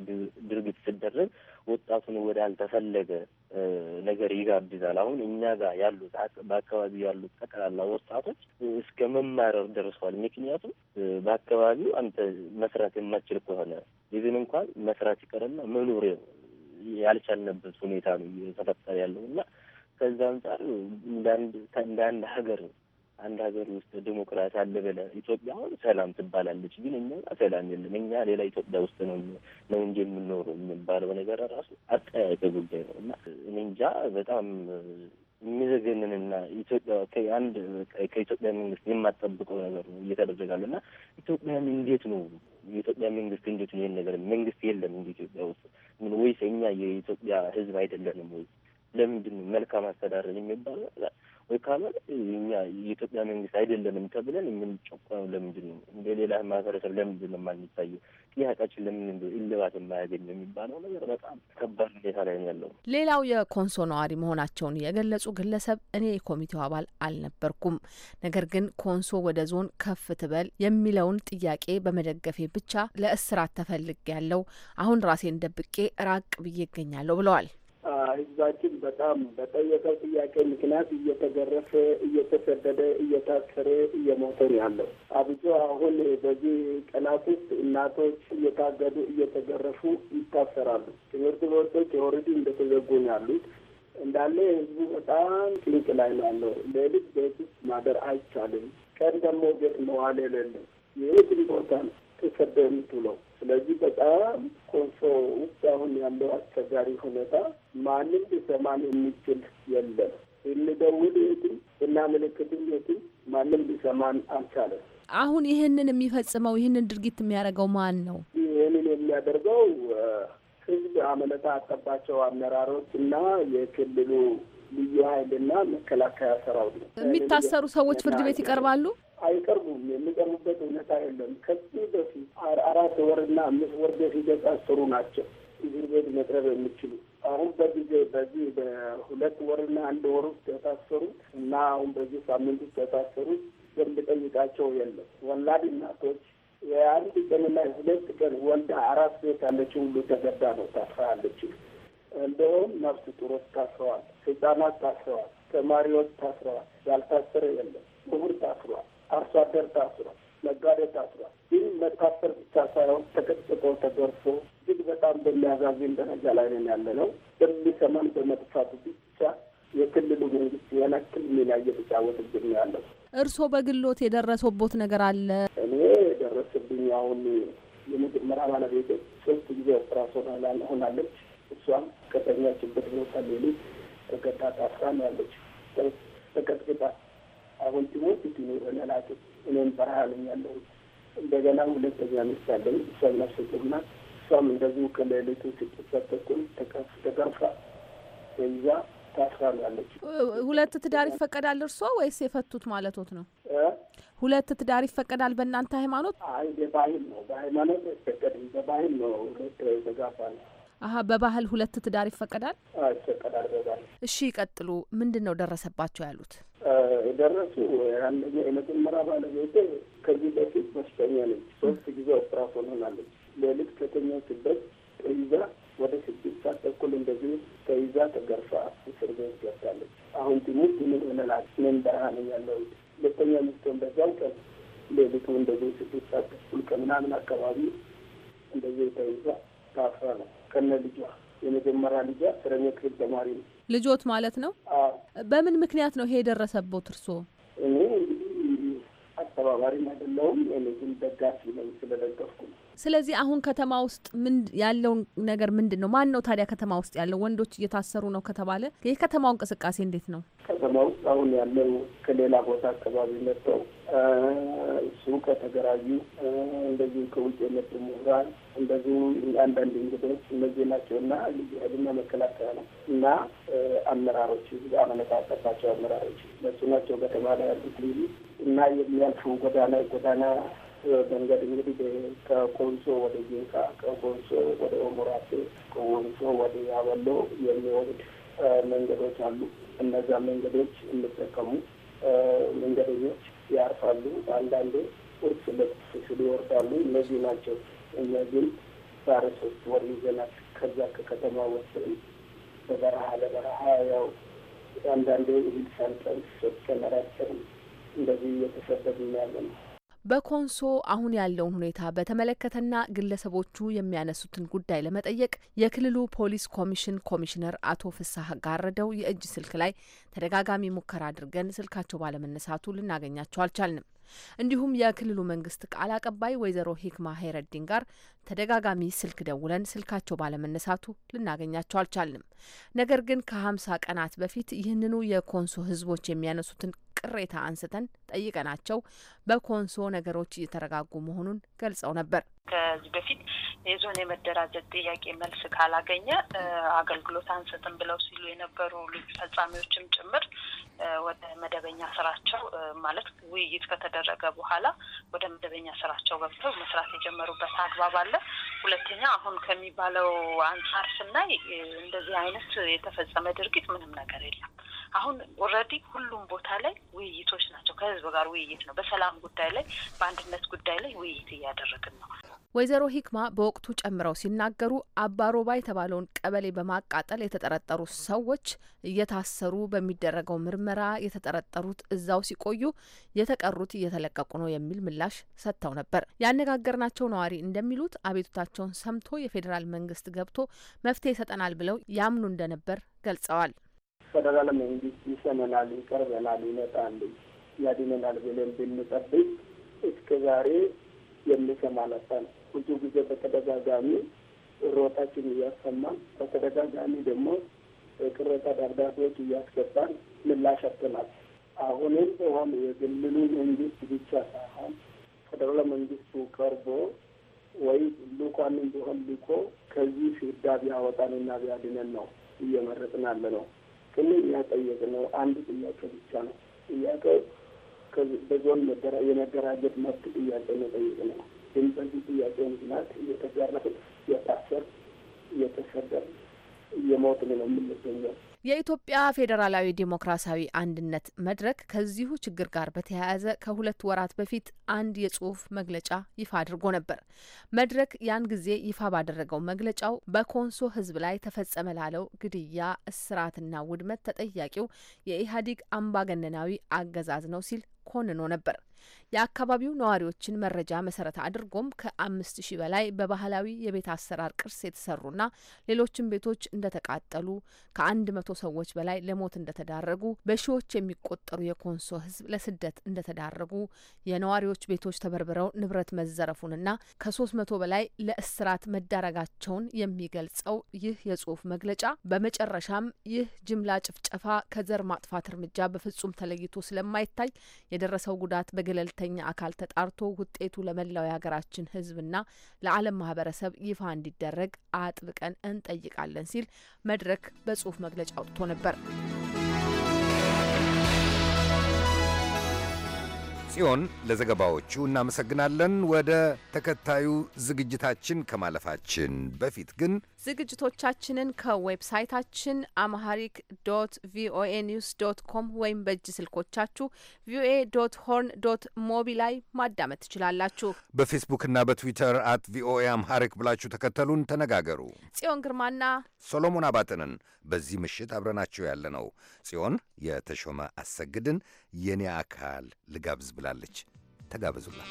ድርጊት ሲደረግ ወጣቱን ወደ አልተፈለገ ነገር ይጋብዛል። አሁን እኛ ጋር ያሉት በአካባቢው ያሉት ጠቅላላ ወጣቶች እስከ መማረር ደርሰዋል። ምክንያቱም በአካባቢው አንተ መስራት የማችል ከሆነ ይህን እንኳን መስራት ይቀርና መኖር ያልቻልንበት ሁኔታ ነው እየተፈጠረ ያለው እና ከዛ አንጻር እንደ አንድ ሀገር አንድ ሀገር ውስጥ ዲሞክራሲ አለ ብለህ ኢትዮጵያ አሁን ሰላም ትባላለች፣ ግን እኛ ሰላም የለም። እኛ ሌላ ኢትዮጵያ ውስጥ ነው ነው እንጂ የምንኖረው የሚባለው ነገር ራሱ አጠያቂ ጉዳይ ነው እና እኔ እንጃ በጣም የሚዘገንንና ኢትዮጵያ ከአንድ ከኢትዮጵያ መንግስት የማጠብቀው ነገር ነው እየተደረጋለ እና ኢትዮጵያን እንዴት ነው የኢትዮጵያ መንግስት እንዴት ነው ይህን ነገር መንግስት የለም እንዲ ኢትዮጵያ ውስጥ ምን ወይስ እኛ የኢትዮጵያ ህዝብ አይደለንም ወይ? ለምንድን ነው መልካም አስተዳደር የሚባለው ወይ ካልሆነ እኛ የኢትዮጵያ መንግስት አይደለንም ተብለን የምንጨቆነው ለምንድን ነው? እንደ ሌላ ማህበረሰብ ለምንድን ነው የማንታየው? ጥያቄያችን ለምን እንደ እልባት የማያገኝ የሚባለው ነገር በጣም ከባድ ሁኔታ ላይ ነው ያለው። ሌላው የኮንሶ ነዋሪ መሆናቸውን የገለጹ ግለሰብ እኔ የኮሚቴው አባል አልነበርኩም፣ ነገር ግን ኮንሶ ወደ ዞን ከፍ ትበል የሚለውን ጥያቄ በመደገፌ ብቻ ለእስራት ተፈልግ ያለው አሁን ራሴን ደብቄ ራቅ ብዬ ይገኛለሁ ብለዋል። ህዝባችን በጣም በጠየቀው ጥያቄ ምክንያት እየተገረፈ፣ እየተሰደደ፣ እየታሰረ፣ እየሞተ ነው ያለው። አብዞ አሁን በዚህ ቀናት ውስጥ እናቶች እየታገዱ፣ እየተገረፉ ይታሰራሉ። ትምህርት ቤቶች የወረዱ እንደተዘጉ ነው ያሉት። እንዳለ ህዝቡ በጣም ጭንቅ ላይ ነው ያለው። ሌሊት ቤት ውስጥ ማደር አይቻልም። ቀን ደግሞ ቤት መዋል የሌለ ይህ ቦታ ነው ተሰደ የምትውለው ስለዚህ በጣም ኮንሶ ውስጥ አሁን ያለው አስቸጋሪ ሁኔታ ማንም ሊሰማን የሚችል የለም። የሚደውል የትም እና ምልክትም የትም ማንም ሊሰማን አልቻለም። አሁን ይህንን የሚፈጽመው ይህንን ድርጊት የሚያደርገው ማን ነው? ይህንን የሚያደርገው ህዝብ አመለታ አጠባቸው አመራሮች እና የክልሉ ልዩ ኃይልና መከላከያ ሰራዊት ነው። የሚታሰሩ ሰዎች ፍርድ ቤት ይቀርባሉ። አይቀርቡም። የሚቀርቡበት እውነታ የለም። ከዚህ በፊት አራት ወርና አምስት ወር በፊት የታሰሩ ናቸው እዚህ ቤት መቅረብ የሚችሉ አሁን በጊዜ በዚህ በሁለት ወርና አንድ ወር ውስጥ የታሰሩት እና አሁን በዚህ ሳምንት ውስጥ የታሰሩት የምጠይቃቸው የለም። ወላድ እናቶች የአንድ ቀንና ሁለት ቀን ወልዳ አራት ቤት ያለችው ሁሉ ተገዳ ነው ታስራለች። እንደውም ነፍስ ጡሮች ታስረዋል፣ ህጻናት ታስረዋል፣ ተማሪዎች ታስረዋል፣ ያልታሰረ የለም፣ ምሁር ታስረዋል። አርሶ አደር ታስሯል፣ ነጋዴ ታስሯል። ይህ መታሰር ብቻ ሳይሆን ተቀጥቆ ተገርፎ እጅግ በጣም በሚያዛዝን ደረጃ ላይ ነን ያለ ነው። በሚሰማን በመጥፋቱ ብቻ የክልሉ መንግስት የነክል ሚና እየተጫወትብን ነው ያለው። እርስዎ በግሎት የደረሰቦት ነገር አለ? እኔ የደረሰብኝ አሁን የመጀመሪያ ባለቤት ሶስት ጊዜ ኦፕራሶን ሆናለች። እሷም ከተኛችበት ቦታ ሌሊት ተገዳ ታስራ ነው ያለች ተቀጥቅጣ አሁን ጭሞት እቲ ሆነላት እኔም በረሃ ነኝ ያለሁት። እንደገና ሁለተኛ ሚስት አለኝ። እሷም ነፍሰ ጡር ናት። እሷም እንደዚሁ ከሌሊቱ ስድስት ተኩል ተገርፋ ይዛ ታስራ ሁለት ትዳር ይፈቀዳል እርሶ ወይስ የፈቱት ማለቶት ነው? ሁለት ትዳር ይፈቀዳል በእናንተ ሃይማኖት? አይ በባህል ነው፣ በሃይማኖት አይፈቀድም። በባህል ነው ሁለት ተጋባ ነው አሀ በባህል ሁለት ትዳር ይፈቀዳል? ይፈቀዳል በባህል። እሺ ይቀጥሉ። ምንድን ነው ደረሰባቸው ያሉት? ደረሱ አንደኛ የመጀመሪያ ባለቤቴ ከዚህ በፊት በሽተኛ ነች። ሶስት ጊዜ ኦፕራሶን ሆናለች። ሌሊት ከተኛችበት ተይዛ ወደ ስድስት ሰዓት ተኩል እንደዚህ ተይዛ ተገርፋ እስር ቤት ገብታለች። አሁን ትሙት ምን ሆነላል? ምን ዳሃነ ያለው ሁለተኛ ሚስቶን በዛው ቀን ሌሊቱ እንደዚህ ስድስት ሰዓት ተኩል ከምናምን አካባቢ እንደዚህ ተይዛ ታስራ ነው ከነ ልጇ የመጀመሪያ ልጇ አስረኛ ክፍል ተማሪ ነው። ልጆት ማለት ነው። በምን ምክንያት ነው ይሄ የደረሰቦት እርስዎ? እኔ አስተባባሪም አይደለሁም። እኔ ግን ደጋፊ ነኝ፣ ስለደገፍኩ ነው። ስለዚህ አሁን ከተማ ውስጥ ምን ያለው ነገር ምንድን ነው? ማን ነው ታዲያ ከተማ ውስጥ ያለው? ወንዶች እየታሰሩ ነው ከተባለ የከተማው እንቅስቃሴ እንዴት ነው? ከተማ ውስጥ አሁን ያለው ከሌላ ቦታ አካባቢ መጥተው እሱ ከተገራዩ እንደዚሁ ከውጭ የመጡ ምሁራን እንደዚሁ አንዳንድ እንግዶች እነዚህ ናቸው እና ልዩ ኃይልና መከላከያ ነው እና አመራሮች አመለካከታቸው አመራሮች እነሱ ናቸው ከተማ ላይ ያሉት ልዩ እና የሚያልፉ ጎዳና ጎዳና መንገድ እንግዲህ ከኮንሶ ወደ ጌንካ፣ ከኮንሶ ወደ ኦሞራሴ፣ ከኮንሶ ወደ ያበሎ የሚወርድ መንገዶች አሉ። እነዛ መንገዶች የሚጠቀሙ መንገደኞች ያርፋሉ። አንዳንዴ ቁርስ ልብስ ሲሉ ይወርዳሉ። እነዚህ ናቸው። እነዚህም ግን ዛሬ ሶስት ወር ይዘናል። ከዛ ከከተማ ወስን በበረሃ ለበረሃ ያው አንዳንዴ እህል ሳንጠን ሶስት ቀን እንደዚህ እየተሰደዱ ያለ ነው። በኮንሶ አሁን ያለውን ሁኔታ በተመለከተና ግለሰቦቹ የሚያነሱትን ጉዳይ ለመጠየቅ የክልሉ ፖሊስ ኮሚሽን ኮሚሽነር አቶ ፍሳህ ጋረደው የእጅ ስልክ ላይ ተደጋጋሚ ሙከራ አድርገን ስልካቸው ባለመነሳቱ ልናገኛቸው አልቻልንም። እንዲሁም የክልሉ መንግስት ቃል አቀባይ ወይዘሮ ሂክማ ሄረዲን ጋር ተደጋጋሚ ስልክ ደውለን ስልካቸው ባለመነሳቱ ልናገኛቸው አልቻልንም። ነገር ግን ከሀምሳ ቀናት በፊት ይህንኑ የኮንሶ ህዝቦች የሚያነሱትን ቅሬታ አንስተን ጠይቀናቸው በኮንሶ ነገሮች እየተረጋጉ መሆኑን ገልጸው ነበር። ከዚህ በፊት የዞን የመደራጀት ጥያቄ መልስ ካላገኘ አገልግሎት አንሰጥም ብለው ሲሉ የነበሩ ልዩ ፈጻሚዎችም ጭምር ወደ መደበኛ ስራቸው ማለት ውይይት ከተደረገ በኋላ ወደ መደበኛ ስራቸው ገብተው መስራት የጀመሩበት አግባብ አለ። ሁለተኛ አሁን ከሚባለው አንጻር ስናይ እንደዚህ አይነት የተፈጸመ ድርጊት ምንም ነገር የለም። አሁን ኦልሬዲ ሁሉም ቦታ ላይ ውይይቶች ናቸው። ከህዝብ ጋር ውይይት ነው። በሰላም ጉዳይ ላይ በአንድነት ጉዳይ ላይ ውይይት እያደረግን ነው። ወይዘሮ ሂክማ በወቅቱ ጨምረው ሲናገሩ አባሮባ የተባለውን ቀበሌ በማቃጠል የተጠረጠሩ ሰዎች እየታሰሩ በሚደረገው ምርመራ የተጠረጠሩት እዛው ሲቆዩ የተቀሩት እየተለቀቁ ነው የሚል ምላሽ ሰጥተው ነበር። ያነጋገርናቸው ነዋሪ እንደሚሉት አቤቱታቸውን ሰምቶ የፌዴራል መንግስት ገብቶ መፍትሄ ይሰጠናል ብለው ያምኑ እንደነበር ገልጸዋል። ፌዴራል መንግስት ይሰመናል፣ ይቀርበናል፣ ይመጣል፣ ያድነናል ብለን ብንጠብቅ እስከ ዛሬ ነበር ብዙ ጊዜ በተደጋጋሚ ሮታችን እያሰማን በተደጋጋሚ ደግሞ ቅሬታ ደብዳቤዎች እያስገባን ምላሽ አጥተናል። አሁንም ሆን የግልሉ መንግስት ብቻ ሳይሆን ፌደራል መንግስቱ ቀርቦ ወይ ልኳንም ቢሆን ልኮ ከዚህ ፍዳ ቢያወጣንና ቢያድነን ነው እየመረጥን ያለ ነው። ግን እያጠየቅ ነው አንድ ጥያቄ ብቻ ነው። ጥያቄው በዞን የመደራጀት መብት ጥያቄ ነው ጠይቅ ነው የሚጠልቁ ጥያቄ ምክንያት እየተጋረፍን እየታሰር እየተሰደር እየሞት ነው የምንገኘው። የኢትዮጵያ ፌዴራላዊ ዴሞክራሲያዊ አንድነት መድረክ ከዚሁ ችግር ጋር በተያያዘ ከሁለት ወራት በፊት አንድ የጽሁፍ መግለጫ ይፋ አድርጎ ነበር። መድረክ ያን ጊዜ ይፋ ባደረገው መግለጫው በኮንሶ ሕዝብ ላይ ተፈጸመ ላለው ግድያ፣ እስራትና ውድመት ተጠያቂው የኢህአዴግ አምባገነናዊ አገዛዝ ነው ሲል ኮንኖ ነበር። የአካባቢው ነዋሪዎችን መረጃ መሰረት አድርጎም ከአምስት ሺህ በላይ በባህላዊ የቤት አሰራር ቅርስ የተሰሩና ሌሎችም ቤቶች እንደተቃጠሉ ከአንድ መቶ ሰዎች በላይ ለሞት እንደተዳረጉ በሺዎች የሚቆጠሩ የኮንሶ ሕዝብ ለስደት እንደተዳረጉ የነዋሪዎች ቤቶች ተበርብረው ንብረት መዘረፉንና ከሶስት መቶ በላይ ለእስራት መዳረጋቸውን የሚገልጸው ይህ የጽሁፍ መግለጫ በመጨረሻም ይህ ጅምላ ጭፍጨፋ ከዘር ማጥፋት እርምጃ በፍጹም ተለይቶ ስለማይታይ የደረሰው ጉዳት በገለልተኛ አካል ተጣርቶ ውጤቱ ለመላው የሀገራችን ሕዝብና ለዓለም ማህበረሰብ ይፋ እንዲደረግ አጥብቀን እንጠይቃለን ሲል መድረክ በጽሁፍ መግለጫ አውጥቶ ነበር። ጽዮን ለዘገባዎቹ እናመሰግናለን። ወደ ተከታዩ ዝግጅታችን ከማለፋችን በፊት ግን ዝግጅቶቻችንን ከዌብሳይታችን አምሃሪክ ዶት ቪኦኤ ኒውስ ዶት ኮም ወይም በእጅ ስልኮቻችሁ ቪኦኤ ዶት ሆርን ዶት ሞቢ ላይ ማዳመጥ ትችላላችሁ። በፌስቡክና በትዊተር አት ቪኦኤ አምሃሪክ ብላችሁ ተከተሉን፣ ተነጋገሩ። ጽዮን ግርማና ሶሎሞን አባጥንን በዚህ ምሽት አብረናችሁ ያለ ነው። ጽዮን የተሾመ አሰግድን የኔ አካል ልጋብዝ ብላ ብላለች። ተጋበዙላት።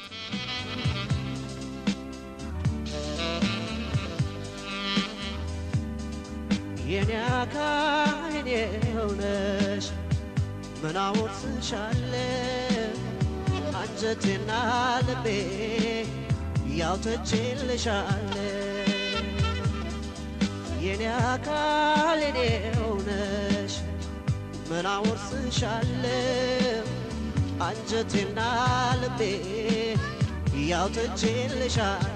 የኔ አካል የኔ ሆነሽ ምናወትሻለው አንጀቴና ልቤ ያውተችልሻለው የኔ አካል የኔ ሆነሽ ምናወርስሻለው አንጀቴና ልቤ ያውጥቼልሻል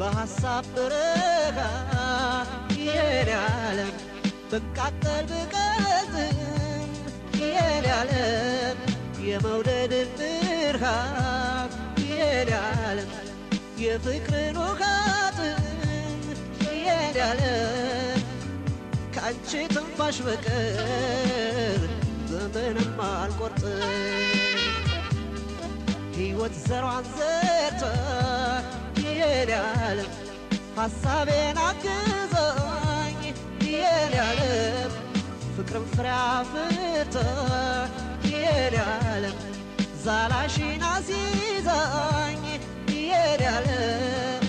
በሐሳብ ብረጋ የኔ ዓለም ብቃጠል ብቀዝም የኔ ዓለም የመውደድን ብርሃን ይሄዳለም የፍቅርን ውሃጥም ይሄዳለም ከአንቺ ትንፋሽ በቀር ዘመንም አልቆርጥም ሕይወት ዘሯን ዘርቶ ይሄዳለም ሐሳቤን አግዛኝ ይሄዳለም ፍቅርም ፍሬ አፍርቶ የኔዓለም ዛላሽን አሲዛኝ የኔዓለም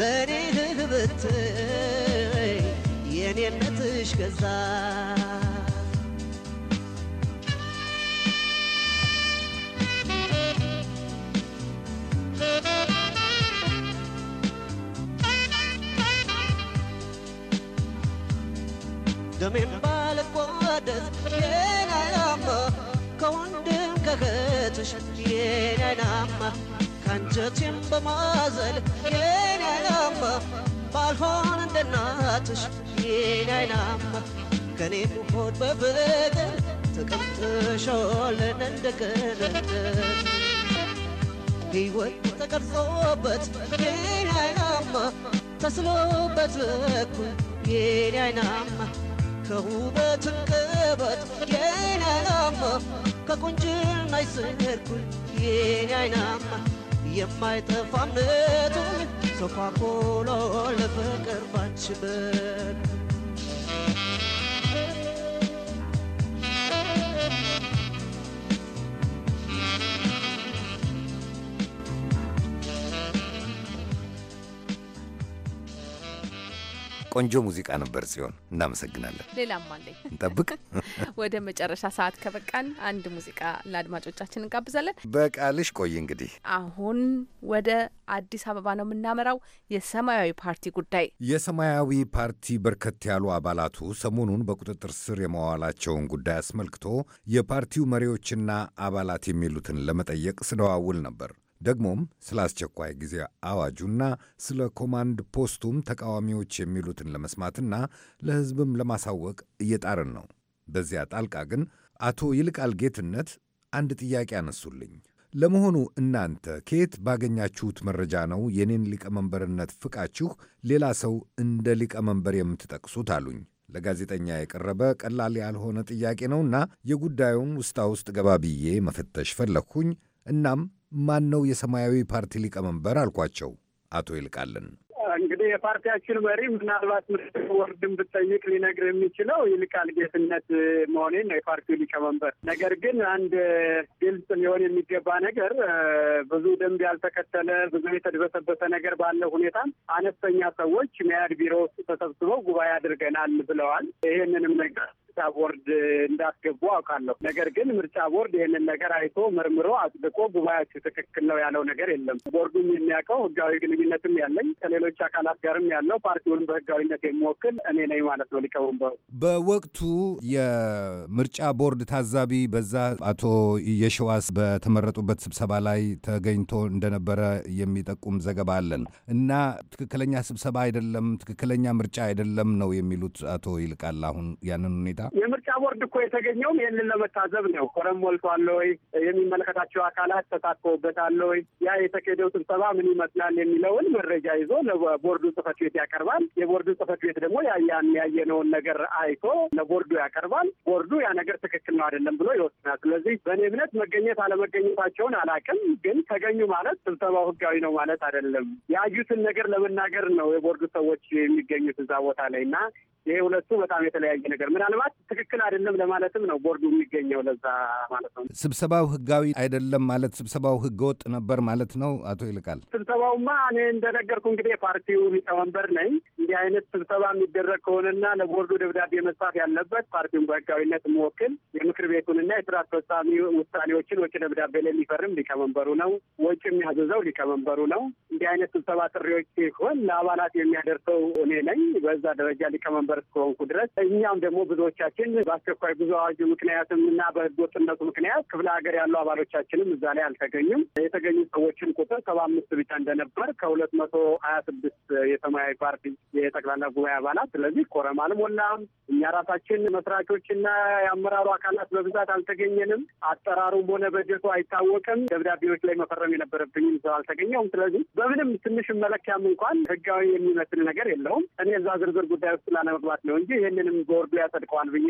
ለእኔ እልል ብትይ የኔነትሽ ገዛ ደሜን ባልቆደስ ከወንድም ከእህትሽ የኔ ናማ ከአንጀቴም በማዘል የኔ ናማ ባልሆን እንደ እናትሽ የኔ ናማ ከኔ ሆድ በፍቅር ተቀምጥሾልን እንደ ቅርንድር ተቀርጾበት የኔ ናማ ተስሎበት እኩል የኔ ከውበት ቅበት የኔ ቁንጅና ይስርኩል የኔ አይናማ የማይጠፋምነቱ እምነቱ ለፍቅር ባንችበት ቆንጆ ሙዚቃ ነበር ሲሆን እናመሰግናለን። ሌላም አለኝ እንጠብቅ። ወደ መጨረሻ ሰዓት ከበቃን አንድ ሙዚቃ ለአድማጮቻችን እንጋብዛለን። በቃልሽ ቆይ እንግዲህ አሁን ወደ አዲስ አበባ ነው የምናመራው። የሰማያዊ ፓርቲ ጉዳይ የሰማያዊ ፓርቲ በርከት ያሉ አባላቱ ሰሞኑን በቁጥጥር ስር የመዋላቸውን ጉዳይ አስመልክቶ የፓርቲው መሪዎችና አባላት የሚሉትን ለመጠየቅ ስደዋውል ነበር። ደግሞም ስለ አስቸኳይ ጊዜ አዋጁና ስለ ኮማንድ ፖስቱም ተቃዋሚዎች የሚሉትን ለመስማትና ለሕዝብም ለማሳወቅ እየጣርን ነው። በዚያ ጣልቃ ግን አቶ ይልቃል ጌትነት አንድ ጥያቄ አነሱልኝ። ለመሆኑ እናንተ ከየት ባገኛችሁት መረጃ ነው የኔን ሊቀመንበርነት ፍቃችሁ ሌላ ሰው እንደ ሊቀመንበር የምትጠቅሱት? አሉኝ። ለጋዜጠኛ የቀረበ ቀላል ያልሆነ ጥያቄ ነውና የጉዳዩን ውስጣ ውስጥ ገባ ብዬ መፈተሽ ፈለግሁኝ። እናም ማን ነው የሰማያዊ ፓርቲ ሊቀመንበር አልኳቸው። አቶ ይልቃልን እንግዲህ የፓርቲያችን መሪ ምናልባት ምክትል ወርድን ብጠይቅ ሊነግር የሚችለው ይልቃል ጌትነት መሆኔን ነው የፓርቲው ሊቀመንበር። ነገር ግን አንድ ግልጽ ሊሆን የሚገባ ነገር ብዙ ደንብ ያልተከተለ ብዙ የተድበሰበሰ ነገር ባለው ሁኔታም አነስተኛ ሰዎች መያድ ቢሮ ውስጥ ተሰብስበው ጉባኤ አድርገናል ብለዋል። ይሄንንም ነገር ምርጫ ቦርድ እንዳስገቡ አውቃለሁ። ነገር ግን ምርጫ ቦርድ ይህንን ነገር አይቶ መርምሮ አጽድቆ ጉባኤያችሁ ትክክል ነው ያለው ነገር የለም። ቦርዱም የሚያውቀው ህጋዊ ግንኙነትም ያለኝ ከሌሎች አካላት ጋርም ያለው ፓርቲውን በህጋዊነት የሚወክል እኔ ነኝ ማለት ነው ሊቀመንበሩ። በወቅቱ የምርጫ ቦርድ ታዛቢ በዛ አቶ የሸዋስ በተመረጡበት ስብሰባ ላይ ተገኝቶ እንደነበረ የሚጠቁም ዘገባ አለን እና ትክክለኛ ስብሰባ አይደለም፣ ትክክለኛ ምርጫ አይደለም ነው የሚሉት አቶ ይልቃል አሁን ያንን ሁኔታ የምርጫ ቦርድ እኮ የተገኘውም ይህንን ለመታዘብ ነው። ኮረም ሞልቷል ወይ፣ የሚመለከታቸው አካላት ተሳትፎበታል ወይ፣ ያ የተካሄደው ስብሰባ ምን ይመስላል የሚለውን መረጃ ይዞ ለቦርዱ ጽህፈት ቤት ያቀርባል። የቦርዱ ጽህፈት ቤት ደግሞ ያን ያየነውን ነገር አይቶ ለቦርዱ ያቀርባል። ቦርዱ ያ ነገር ትክክል ነው አይደለም ብሎ ይወስናል። ስለዚህ በእኔ እምነት መገኘት አለመገኘታቸውን አላውቅም፣ ግን ተገኙ ማለት ስብሰባው ህጋዊ ነው ማለት አይደለም። ያዩትን ነገር ለመናገር ነው የቦርዱ ሰዎች የሚገኙት እዛ ቦታ ላይ እና ይሄ ሁለቱ በጣም የተለያየ ነገር ምናልባት መግባት ትክክል አይደለም ለማለትም ነው ቦርዱ የሚገኘው። ለዛ ማለት ነው ስብሰባው ህጋዊ አይደለም ማለት ስብሰባው ህገ ወጥ ነበር ማለት ነው። አቶ ይልቃል ስብሰባውማ እኔ እንደነገርኩ እንግዲህ የፓርቲው ሊቀመንበር ነኝ። እንዲህ አይነት ስብሰባ የሚደረግ ከሆነና ለቦርዱ ደብዳቤ መጻፍ ያለበት ፓርቲውን በህጋዊነት መወክል የምክር ቤቱንና የስራ አስፈጻሚ ውሳኔዎችን ወጪ ደብዳቤ ላይ የሚፈርም ሊቀመንበሩ ነው። ወጪ የሚያዘዘው ሊቀመንበሩ ነው። እንዲህ አይነት ስብሰባ ጥሪዎች ሲሆን ለአባላት የሚያደርሰው እኔ ነኝ። በዛ ደረጃ ሊቀመንበር እስከሆንኩ ድረስ እኛም ደግሞ ብዙዎች አባሎቻችን በአስቸኳይ ጉዞ አዋጁ ምክንያትም እና በህገወጥነቱ ምክንያት ክፍለ ሀገር ያሉ አባሎቻችንም እዛ ላይ አልተገኙም። የተገኙ ሰዎችን ቁጥር ሰባ አምስት ብቻ እንደነበር ከሁለት መቶ ሀያ ስድስት የሰማያዊ ፓርቲ የጠቅላላ ጉባኤ አባላት ስለዚህ ኮረም አልሞላም። እኛ ራሳችን መስራቾችና የአመራሩ አካላት በብዛት አልተገኘንም። አጠራሩም ሆነ በጀቱ አይታወቅም። ደብዳቤዎች ላይ መፈረም የነበረብኝም ሰው አልተገኘውም። ስለዚህ በምንም ትንሽ መለኪያም እንኳን ህጋዊ የሚመስል ነገር የለውም። እኔ እዛ ዝርዝር ጉዳይ ውስጥ ላለመግባት ነው እንጂ ይህንንም ቦርዱ ያጸድቀዋል ብዬ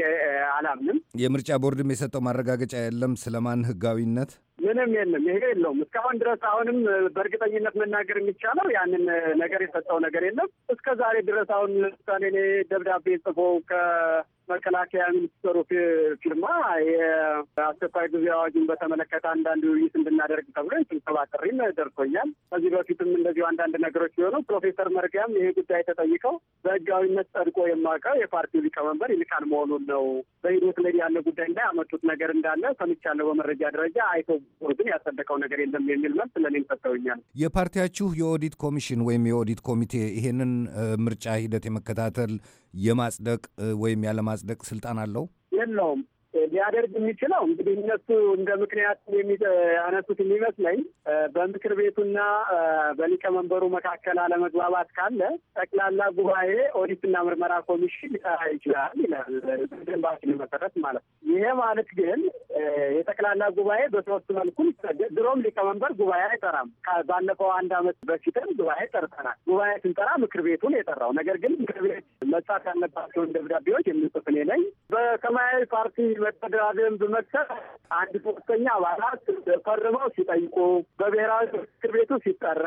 አላምንም። የምርጫ ቦርድም የሰጠው ማረጋገጫ የለም ስለማን ህጋዊነት ምንም የለም። ይሄ የለውም እስካሁን ድረስ። አሁንም በእርግጠኝነት መናገር የሚቻለው ያንን ነገር የሰጠው ነገር የለም እስከ ዛሬ ድረስ። አሁን ለምሳሌ እኔ ደብዳቤ ጽፎ ከ መከላከያ ሚኒስትሩ ፊርማ የአስቸኳይ ጊዜ አዋጅን በተመለከተ አንዳንድ ውይይት እንድናደርግ ተብሎ ስብሰባ ጥሪም ደርሶኛል። ከዚህ በፊትም እንደዚሁ አንዳንድ ነገሮች ሲሆኑ ፕሮፌሰር መርጊያም ይሄ ጉዳይ ተጠይቀው በህጋዊነት ጸድቆ የማውቀው የፓርቲው ሊቀመንበር ይልቃል መሆኑን ነው። በሂደት ላይ ያለ ጉዳይ እንዳ ያመጡት ነገር እንዳለ ሰምቻለሁ። በመረጃ ደረጃ አይቶ ግን ያጸደቀው ነገር የለም የሚል መልስ ለኔም ሰጥተውኛል። የፓርቲያችሁ የኦዲት ኮሚሽን ወይም የኦዲት ኮሚቴ ይሄንን ምርጫ ሂደት የመከታተል የማጽደቅ ወይም ያለማጽደቅ ስልጣን አለው? የለውም። ሊያደርግ የሚችለው እንግዲህ እነሱ እንደ ምክንያት ያነሱት የሚመስለኝ በምክር ቤቱና በሊቀመንበሩ መካከል አለመግባባት ካለ ጠቅላላ ጉባኤ ኦዲትና ምርመራ ኮሚሽን ሊጠራ ይችላል ይላል ደንባችን መሰረት ማለት ነው። ይሄ ማለት ግን የጠቅላላ ጉባኤ በሶስት መልኩ ድሮም ሊቀመንበር ጉባኤ አይጠራም። ባለፈው አንድ አመት በፊትም ጉባኤ ጠርተናል። ጉባኤ ስንጠራ ምክር ቤቱን የጠራው ነገር ግን ምክር ቤት መጻፍ ያለባቸውን ደብዳቤዎች የምጽፍ እኔ ነኝ በሰማያዊ ፓርቲ መተዳደሪያን በመቅጠር አንድ ሶስተኛ አባላት ፈርመው ሲጠይቁ፣ በብሔራዊ ምክር ቤቱ ሲጠራ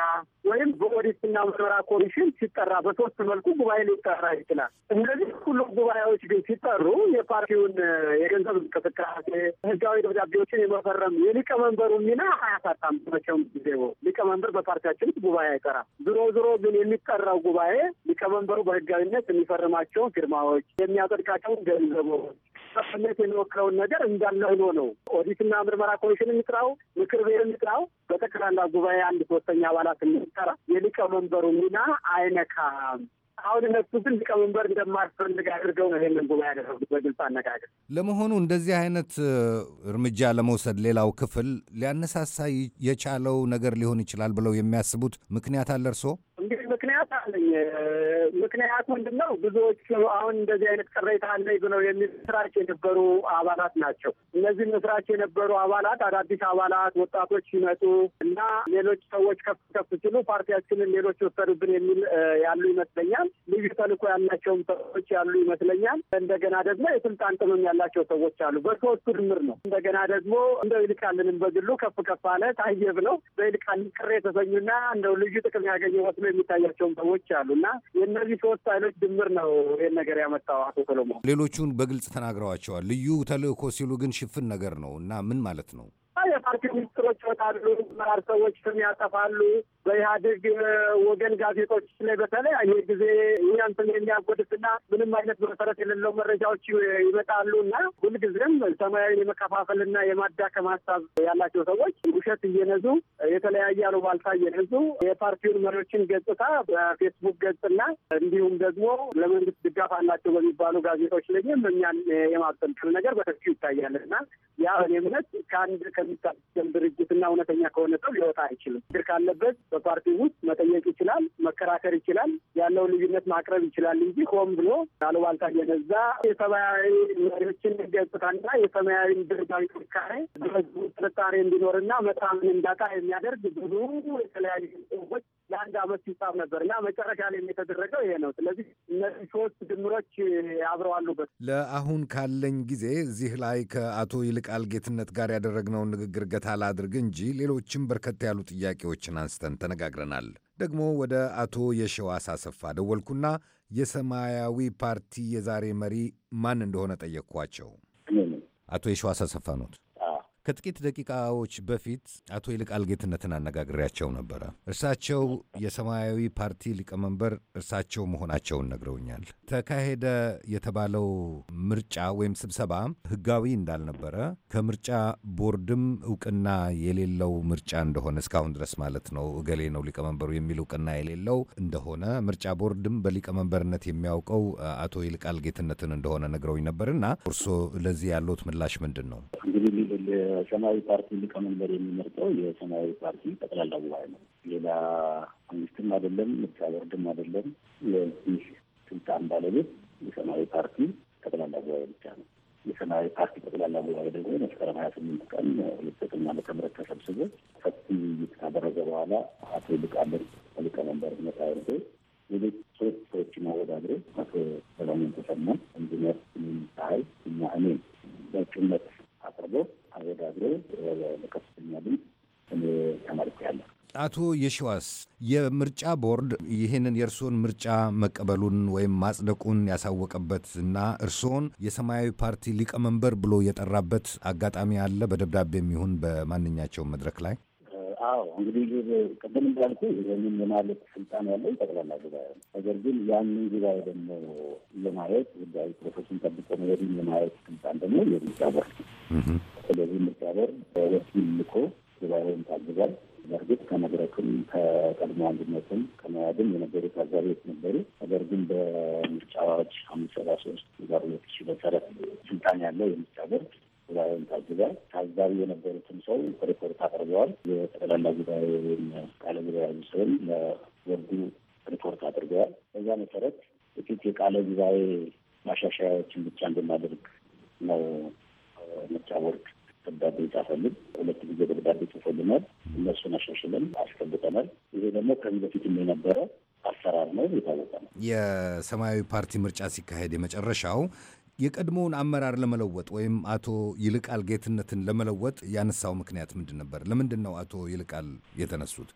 ወይም በኦዲትና ምርመራ ኮሚሽን ሲጠራ በሶስት መልኩ ጉባኤ ሊጠራ ይችላል። እነዚህ ሁሉ ጉባኤዎች ግን ሲጠሩ የፓርቲውን የገንዘብ እንቅስቃሴ ህጋዊ ደብዳቤዎችን የመፈረም የሊቀመንበሩ ሚና አያሳጣም። መቼም ጊዜ ሊቀመንበር በፓርቲያችን ጉባኤ አይጠራ። ዝሮ ዝሮ ግን የሚጠራው ጉባኤ ሊቀመንበሩ በህጋዊነት የሚፈርማቸውን ፊርማዎች የሚያጸድቃቸውን ገንዘቦች ጸፍነት የሚወክለውን ነገር እንዳለ ሆኖ ነው። ኦዲትና ምርመራ ኮሚሽን እንጥራው፣ ምክር ቤት እንጥራው፣ በጠቅላላ ጉባኤ አንድ ሶስተኛ አባላት እንጠራ የሊቀመንበሩ ሚና አይነካም። አሁን እነሱ ግን ሊቀመንበር እንደማያስፈልግ አድርገው ነው ይህንን ጉባኤ ያደረጉት። በግልጽ አነጋገር ለመሆኑ እንደዚህ አይነት እርምጃ ለመውሰድ ሌላው ክፍል ሊያነሳሳ የቻለው ነገር ሊሆን ይችላል ብለው የሚያስቡት ምክንያት አለ እርስዎ? ስጋት አለኝ። ምክንያቱ ምንድን ነው? ብዙዎቹ አሁን እንደዚህ አይነት ቅሬታ አለኝ ብለው የሚል ምስራች የነበሩ አባላት ናቸው። እነዚህ ምስራች የነበሩ አባላት አዳዲስ አባላት ወጣቶች ሲመጡ እና ሌሎች ሰዎች ከፍ ከፍ ሲሉ ፓርቲያችንን ሌሎች ወሰዱብን የሚል ያሉ ይመስለኛል። ልዩ ተልዕኮ ያላቸውም ሰዎች ያሉ ይመስለኛል። እንደገና ደግሞ የስልጣን ጥምም ያላቸው ሰዎች አሉ። በሰዎቹ ድምር ነው። እንደገና ደግሞ እንደው ይልቃልንም በግሉ ከፍ ከፍ አለ ታየ ብለው በይልቃል ቅሬ የተሰኙና እንደው ልዩ ጥቅም ያገኘ መስሎ የሚታያቸውም ሰዎች አሉ እና የእነዚህ ሶስት ኃይሎች ድምር ነው ይህን ነገር ያመጣው። አቶ ሰሎሞን ሌሎቹን በግልጽ ተናግረዋቸዋል። ልዩ ተልእኮ ሲሉ ግን ሽፍን ነገር ነው እና ምን ማለት ነው? የፓርቲ ሚኒስትሮች ይወጣሉ፣ መራር ሰዎች ስም ያጠፋሉ። በኢህአዴግ ወገን ጋዜጦች ላይ በተለያየ ጊዜ እኛን ስም የሚያጎድፍና ምንም አይነት መሰረት የሌለው መረጃዎች ይመጣሉ እና ሁልጊዜም ሰማያዊን የመከፋፈልና የማዳከም ሀሳብ ያላቸው ሰዎች ውሸት እየነዙ የተለያየ አሉባልታ እየነዙ የፓርቲውን መሪዎችን ገጽታ በፌስቡክ ገጽና እንዲሁም ደግሞ ለመንግስት ድጋፍ አላቸው በሚባሉ ጋዜጦች ላይም እኛን የማጠልጠል ነገር በሰፊው ይታያል እና ያ እኔ እምነት ከአንድ ከሚታ ይችላል። ግን ድርጅትና እውነተኛ ከሆነ ሰው ሊወጣ አይችልም። ችግር ካለበት በፓርቲ ውስጥ መጠየቅ ይችላል፣ መከራከር ይችላል፣ ያለው ልዩነት ማቅረብ ይችላል እንጂ ሆም ብሎ አሉባልታ የነዛ የሰማያዊ መሪዎችን ገጽታና የሰማያዊ ድርጋዊ ጥንካሬ በህዝቡ ጥርጣሬ እንዲኖርና መጣምን እንዳጣ የሚያደርግ ብዙ የተለያዩ ጽሁፎች ለአንድ አመት ሲጻፍ ነበር እና መጨረሻ ላይ የተደረገው ይሄ ነው። ስለዚህ እነዚህ ሶስት ድምሮች አብረው አሉበት። ለአሁን ካለኝ ጊዜ እዚህ ላይ ከአቶ ይልቃል ጌትነት ጋር ያደረግነውን ንግግር ገታ ላድርግ እንጂ ሌሎችም በርከት ያሉ ጥያቄዎችን አንስተን ተነጋግረናል። ደግሞ ወደ አቶ የሸዋስ አሰፋ ደወልኩና የሰማያዊ ፓርቲ የዛሬ መሪ ማን እንደሆነ ጠየቅኳቸው። አቶ የሸዋስ አሰፋ ኖት ከጥቂት ደቂቃዎች በፊት አቶ ይልቃል ጌትነትን አነጋግሬያቸው ነበረ። እርሳቸው የሰማያዊ ፓርቲ ሊቀመንበር እርሳቸው መሆናቸውን ነግረውኛል። ተካሄደ የተባለው ምርጫ ወይም ስብሰባ ሕጋዊ እንዳልነበረ ከምርጫ ቦርድም እውቅና የሌለው ምርጫ እንደሆነ እስካሁን ድረስ ማለት ነው እገሌ ነው ሊቀመንበሩ የሚል እውቅና የሌለው እንደሆነ ምርጫ ቦርድም በሊቀመንበርነት የሚያውቀው አቶ ይልቃል ጌትነትን እንደሆነ ነግረውኝ ነበርና እርሶ ለዚህ ያለት ምላሽ ምንድን ነው? ሰማያዊ ፓርቲ ሊቀመንበር የሚመርጠው የሰማያዊ ፓርቲ ጠቅላላ ጉባኤ ነው። ሌላ መንግስትም አይደለም፣ ምርጫ ቦርድም አይደለም። የዚህ ስልጣን ባለቤት የሰማያዊ ፓርቲ ጠቅላላ ጉባኤ ብቻ ነው። የሰማያዊ ፓርቲ ጠቅላላ ጉባኤ ደግሞ መስከረም ሀያ ስምንት ቀን ሁለት ዘጠኝ ዓመተ ምህረት ተሰብስቦ ሰፊ ውይይት ካደረገ በኋላ አቶ ይልቃለን ሊቀመንበርነት አድርጎ ሌሎች ሶስት ሰዎችን አወዳድሮ አቶ ሰለሞን ተሰማ፣ ኢንጂነር ፀሐይ እና እኔ በእጩነት አቅርቦ አወዳድሮ ለከፍተኛ ግን እኔ ያለ አቶ የሸዋስ የምርጫ ቦርድ ይህንን የእርስዎን ምርጫ መቀበሉን ወይም ማጽደቁን ያሳወቀበት እና እርስዎን የሰማያዊ ፓርቲ ሊቀመንበር ብሎ የጠራበት አጋጣሚ አለ? በደብዳቤ የሚሆን በማንኛቸውም መድረክ ላይ አዎ እንግዲህ ቅድም እንዳልኩ ይህንን የማለት ስልጣን ያለው ጠቅላላ ጉባኤ ነው። ነገር ግን ያንን ጉባኤ ደግሞ የማየት ጉዳይ ፕሮፌሽን ጠብቆ መሄድን የማየት ስልጣን ደግሞ የምርጫ ቦርድ ነው። ስለዚህ ምርጫ ቦርድ በወኪል ልኮ ጉባኤውን ታግዛል። በእርግጥ ከመድረክም ከቀድሞ አንድነትም ከመያድም የነበሩ ታዛቢዎች ነበሩ። ነገር ግን በምርጫ አዋጅ አምስት ሰባ ሶስት ጋር ሁለት ሺህ መሰረት ስልጣን ያለው የምርጫ ቦርድ ጉባኤውን ታዝበው ታዛቢ የነበሩትም ሰው ሪፖርት አቅርበዋል። የጠቅላላ ወይም ቃለ ጉባኤ ስብም ለቦርዱ ሪፖርት አድርገዋል። በዛ መሰረት ጥቂት የቃለ ጉባኤ ማሻሻያዎችን ብቻ እንድናደርግ ነው ምርጫ ቦርድ ደብዳቤ ይጻፈልም። ሁለት ጊዜ ደብዳቤ ጽፎልናል። እነሱን አሻሽለን አስቀብጠናል። ይሄ ደግሞ ከዚህ በፊት የነበረ አሰራር ነው፣ የታወቀ ነው። የሰማያዊ ፓርቲ ምርጫ ሲካሄድ የመጨረሻው የቀድሞውን አመራር ለመለወጥ ወይም አቶ ይልቃል ጌትነትን ለመለወጥ ያነሳው ምክንያት ምንድን ነበር? ለምንድን ነው አቶ ይልቃል የተነሱት?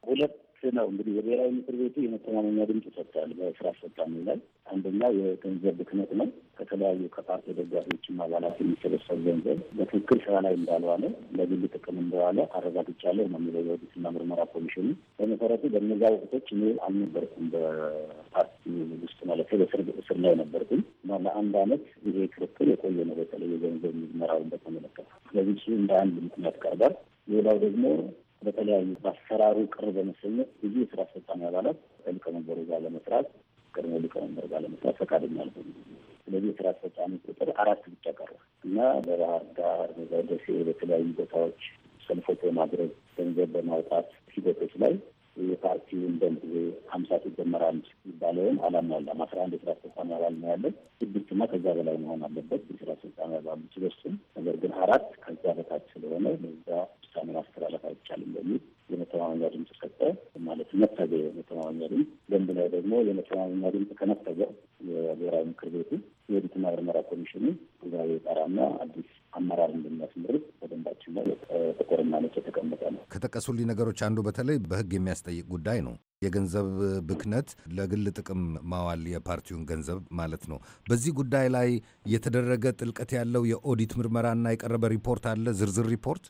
ነው እንግዲህ የብሔራዊ ምክር ቤቱ የመተማመኛ ድምፅ ሰጥቷል። በስራ አስፈጻሚ ላይ አንደኛ የገንዘብ ብክነት ነው። ከተለያዩ ከፓርቲ ደጋፊዎችም አባላት የሚሰበሰብ ገንዘብ በትክክል ስራ ላይ እንዳልዋለ ለግል ጥቅም እንደዋለ አረጋግጫለሁ ነው የሚለው የኦዲትና ምርመራ ኮሚሽኑ። በመሰረቱ በነዛ ወቅቶች እኔ አልነበርኩም በፓርቲ ውስጥ ማለት በእስር እስር ላይ ነበርኩም እና ለአንድ አመት ይሄ ክርክር የቆየ ነው። በተለይ የገንዘብ ምርመራውን በተመለከተ ስለዚህ እሱ እንደ አንድ ምክንያት ቀርቧል። ሌላው ደግሞ በተለያዩ በአሰራሩ ቅር በመሰኘት ብዙ የስራ አስፈጻሚ አባላት ከሊቀመንበሩ ጋር ለመስራት ቅድሞ ሊቀመንበር ጋር ለመስራት ፈቃደኛ አልሆኑ። ስለዚህ የስራ አስፈጻሚ ቁጥር አራት ብቻ ቀረ እና በባህር ዳር፣ በደሴ፣ በተለያዩ ቦታዎች ሰልፎች በማድረግ ገንዘብ በማውጣት ሂደቶች ላይ የፓርቲውን ደንብ ሀምሳ ይጀመራል የሚባለውን አላሟላም። አስራ አንድ የስራ አስፈጻሚ አባል ነው ያለን። ስድስቱና ከዛ በላይ መሆን አለበት የስራ አስፈጻሚ አባሉ ሲወስን፣ ነገር ግን አራት ከዛ በታች ስለሆነ በዛ ውሳኔ ማስተላለፍ አይቻልም በሚል የመተማመኛ ድምፅ ሰጠ። ማለት ነፈገ የመተማመኛ ድምፅ ደንብ ላይ ደግሞ የመተማመኛ ድምፅ ከነፈገ የብሔራዊ ምክር ቤቱ የኦዲትና ምርመራ ኮሚሽኑ ጉባኤ ጠራና አዲስ አመራር እንደሚያስመርጥ ከጠቀሱልኝ ነገሮች አንዱ በተለይ በህግ የሚያስጠይቅ ጉዳይ ነው። የገንዘብ ብክነት ለግል ጥቅም ማዋል የፓርቲውን ገንዘብ ማለት ነው። በዚህ ጉዳይ ላይ የተደረገ ጥልቀት ያለው የኦዲት ምርመራና የቀረበ ሪፖርት አለ፣ ዝርዝር ሪፖርት።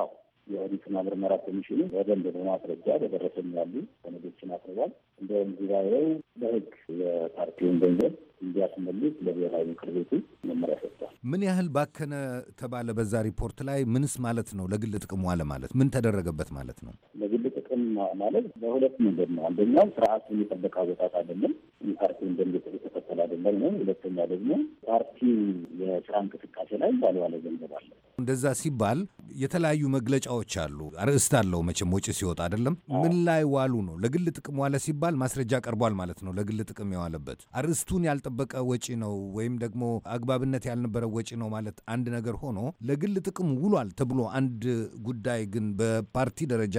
አዎ የኦዲትና ምርመራ ኮሚሽኑ በደንብ በማስረጃ በደረሰኝ ያሉ ሰነዶችን አቅርቧል። እንደውም ጉባኤው በህግ የፓርቲውን ገንዘብ እንዲያስመልስ ለብሔራዊ ምክር ቤቱ መመሪያ ሰጥቷል። ምን ያህል ባከነ ተባለ በዛ ሪፖርት ላይ ምንስ ማለት ነው? ለግል ጥቅሙ አለ ማለት ምን ተደረገበት ማለት ነው? ለግል ጥቅም ማለት በሁለት መንገድ ነው። አንደኛው ስርዓቱን የጠበቀ አወጣት አይደለም፣ ፓርቲ እንደሚተከተል አይደለም ነው። ሁለተኛ ደግሞ ፓርቲው የስራ እንቅስቃሴ ላይ ባለዋለ ገንዘብ አለ እንደዛ ሲባል የተለያዩ መግለጫዎች አሉ። አርዕስት አለው መቼም ወጪ ሲወጣ አይደለም። ምን ላይ ዋሉ ነው። ለግል ጥቅም ዋለ ሲባል ማስረጃ ቀርቧል ማለት ነው። ለግል ጥቅም የዋለበት አርዕስቱን ያልጠበቀ ወጪ ነው ወይም ደግሞ አግባብነት ያልነበረ ወጪ ነው ማለት አንድ ነገር ሆኖ ለግል ጥቅም ውሏል ተብሎ አንድ ጉዳይ ግን በፓርቲ ደረጃ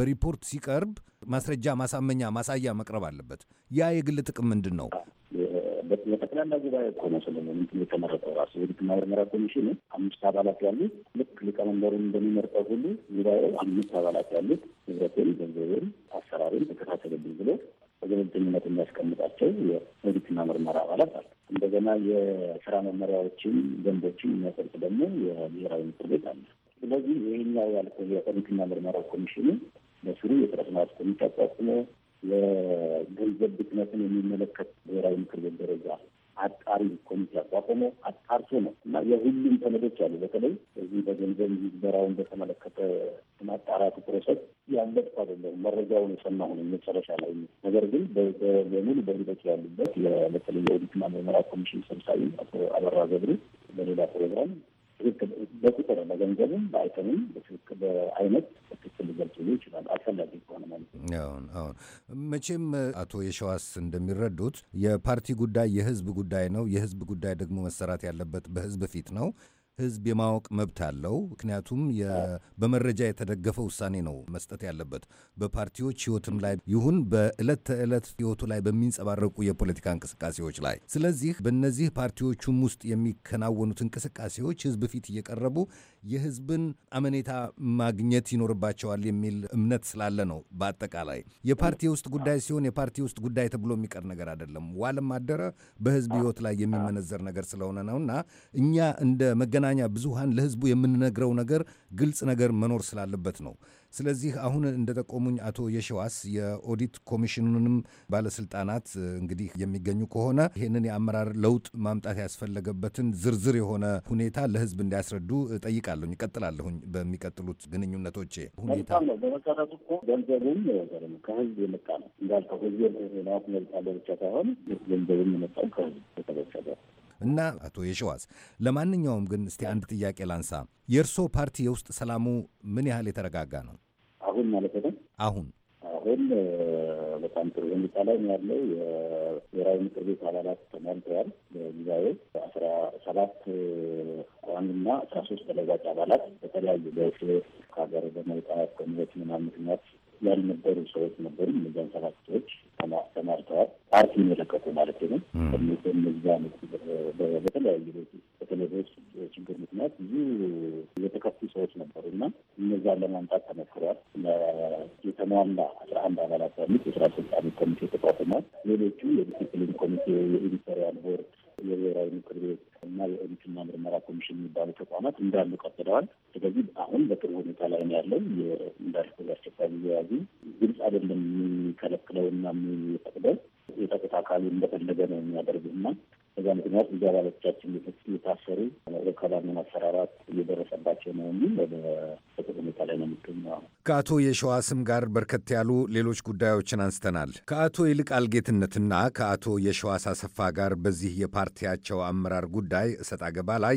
በሪፖርት ሲቀርብ ማስረጃ፣ ማሳመኛ፣ ማሳያ መቅረብ አለበት። ያ የግል ጥቅም ምንድን ነው? ጠቅላላ ጉባኤ እኮ ነው ስለሆነ የተመረጠው ራሱ የግድና ምርመራ ኮሚሽኑ አምስት አባላት ያሉት ልክ ሊቀመንበሩን እንደሚመርጠው ሁሉ ጉባኤው አምስት አባላት ያሉት ንብረትን፣ ገንዘብን፣ አሰራርን ተከታተልብኝ ብሎ በገለልተኝነት የሚያስቀምጣቸው የኦዲትና ምርመራ አባላት አሉ። እንደገና የስራ መመሪያዎችን ደንቦችን የሚያጸድቅ ደግሞ የብሔራዊ ምክር ቤት አለ። ስለዚህ ይህኛው ያልከው የኦዲትና ምርመራ ኮሚሽኑ በስሩ የጥረት ማት ኮሚቴ አቋቁሞ የገንዘብ ብክነትን የሚመለከት ብሔራዊ ምክር ቤት ደረጃ አጣሪ ኮሚቴ አቋቁሞ አጣርቶ ነው እና የሁሉም ሰነዶች አሉ። በተለይ በዚህ በገንዘብ ምዝበራውን በተመለከተ ማጣራቱ ፕሮሰስ ያለጥኩ አይደለም መረጃውን የሰማሁን መጨረሻ ላይ ነገር ግን በሙሉ በሂደት ያሉበት በተለይ የኦዲትና ምርመራ ኮሚሽን ሰብሳቢ አቶ አበራ ገብሩ በሌላ ፕሮግራም ትክክል በቁጥር በገንዘብም በአይተምም በትክክል በአይነት በትክክል ሊገልጽ ይችላል። አስፈላጊ ከሆነ ማለት ነው። አሁን አሁን መቼም አቶ የሸዋስ እንደሚረዱት የፓርቲ ጉዳይ የህዝብ ጉዳይ ነው። የህዝብ ጉዳይ ደግሞ መሰራት ያለበት በህዝብ ፊት ነው። ህዝብ የማወቅ መብት አለው። ምክንያቱም በመረጃ የተደገፈ ውሳኔ ነው መስጠት ያለበት። በፓርቲዎች ህይወትም ላይ ይሁን በዕለት ተዕለት ህይወቱ ላይ በሚንጸባረቁ የፖለቲካ እንቅስቃሴዎች ላይ። ስለዚህ በእነዚህ ፓርቲዎቹም ውስጥ የሚከናወኑት እንቅስቃሴዎች ህዝብ ፊት እየቀረቡ የህዝብን አመኔታ ማግኘት ይኖርባቸዋል የሚል እምነት ስላለ ነው። በአጠቃላይ የፓርቲ ውስጥ ጉዳይ ሲሆን የፓርቲ ውስጥ ጉዳይ ተብሎ የሚቀር ነገር አይደለም። ዋለም አደረ በህዝብ ህይወት ላይ የሚመነዘር ነገር ስለሆነ እና እኛ እንደ መገናኛ መገናኛ ብዙሃን ለህዝቡ የምንነግረው ነገር ግልጽ ነገር መኖር ስላለበት ነው። ስለዚህ አሁን እንደጠቆሙኝ አቶ የሸዋስ የኦዲት ኮሚሽኑንም ባለስልጣናት እንግዲህ የሚገኙ ከሆነ ይህንን የአመራር ለውጥ ማምጣት ያስፈለገበትን ዝርዝር የሆነ ሁኔታ ለህዝብ እንዲያስረዱ ጠይቃለሁኝ፣ ይቀጥላለሁኝ በሚቀጥሉት ግንኙነቶቼ ሁኔታ በመሰረቱ እኮ ገንዘቡም ከህዝብ የመጣ ነው እንዳልከው፣ ህዝብ ብቻ ሳይሆን ገንዘቡም የመጣው ከህዝብ እና አቶ የሸዋስ ለማንኛውም ግን እስቲ አንድ ጥያቄ ላንሳ። የእርስዎ ፓርቲ የውስጥ ሰላሙ ምን ያህል የተረጋጋ ነው? አሁን ማለት ነው። አሁን አሁን በጣም ጥሩ ሁኔታ ላይ ያለው የብሔራዊ ምክር ቤት አባላት ተሟልተዋል። በጊዜያዊ አስራ ሰባት ቋሚና አስራ ሶስት ተለዋጭ አባላት በተለያዩ በእሱ ከሀገር በመውጣት ኮሚኒቲ ምናምን ምክንያት ያልነበሩ ሰዎች ነበሩ። እነዚያን ሰባት ሰዎች ተማርተዋል። ፓርቲውን የለቀቁ ማለት ነው። በተለያዩ በተለይ ችግር ምክንያት ብዙ የተከፉ ሰዎች ነበሩ እና እነዛን ለማምጣት ተመክሯል። የተሟላ አስራ አንድ አባላት ያሉት የስራ አስፈጻሚ ኮሚቴ ተቋቁሟል። ሌሎቹ የዲሲፕሊን ኮሚቴ፣ የኤዲቶሪያል ቦርድ የብሔራዊ ምክር ቤት እና የኦዲትና ምርመራ ኮሚሽን የሚባሉ ተቋማት እንዳሉ ቀጥለዋል። ስለዚህ አሁን በጥሩ ሁኔታ ላይ ነው ያለው። እንዳልኩ አስቸኳይ ጊዜ ግልጽ አይደለም የሚከለክለው እና የሚፈቅደው የጸጥታ አካሉ እንደፈለገ ነው የሚያደርጉና በዛ ምክንያት ብዙ አባሎቻችን እየታሰሩ ረከባና አሰራራት እየደረሰባቸው ነው የሚል ወደ ሁኔታ ላይ ነው የሚገኘው። ከአቶ የሸዋስም ጋር በርከት ያሉ ሌሎች ጉዳዮችን አንስተናል። ከአቶ ይልቃል ጌትነትና ከአቶ የሸዋስ አሰፋ ጋር በዚህ የፓርቲያቸው አመራር ጉዳይ እሰጥ አገባ ላይ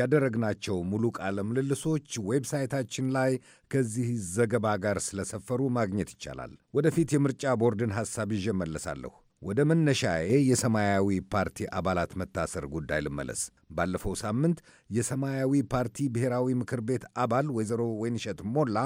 ያደረግናቸው ሙሉ ቃለ ምልልሶች ዌብሳይታችን ላይ ከዚህ ዘገባ ጋር ስለሰፈሩ ማግኘት ይቻላል። ወደፊት የምርጫ ቦርድን ሐሳብ ይዤ መለሳለሁ። ወደ መነሻዬ የሰማያዊ ፓርቲ አባላት መታሰር ጉዳይ ልመለስ። ባለፈው ሳምንት የሰማያዊ ፓርቲ ብሔራዊ ምክር ቤት አባል ወይዘሮ ወይንሸት ሞላ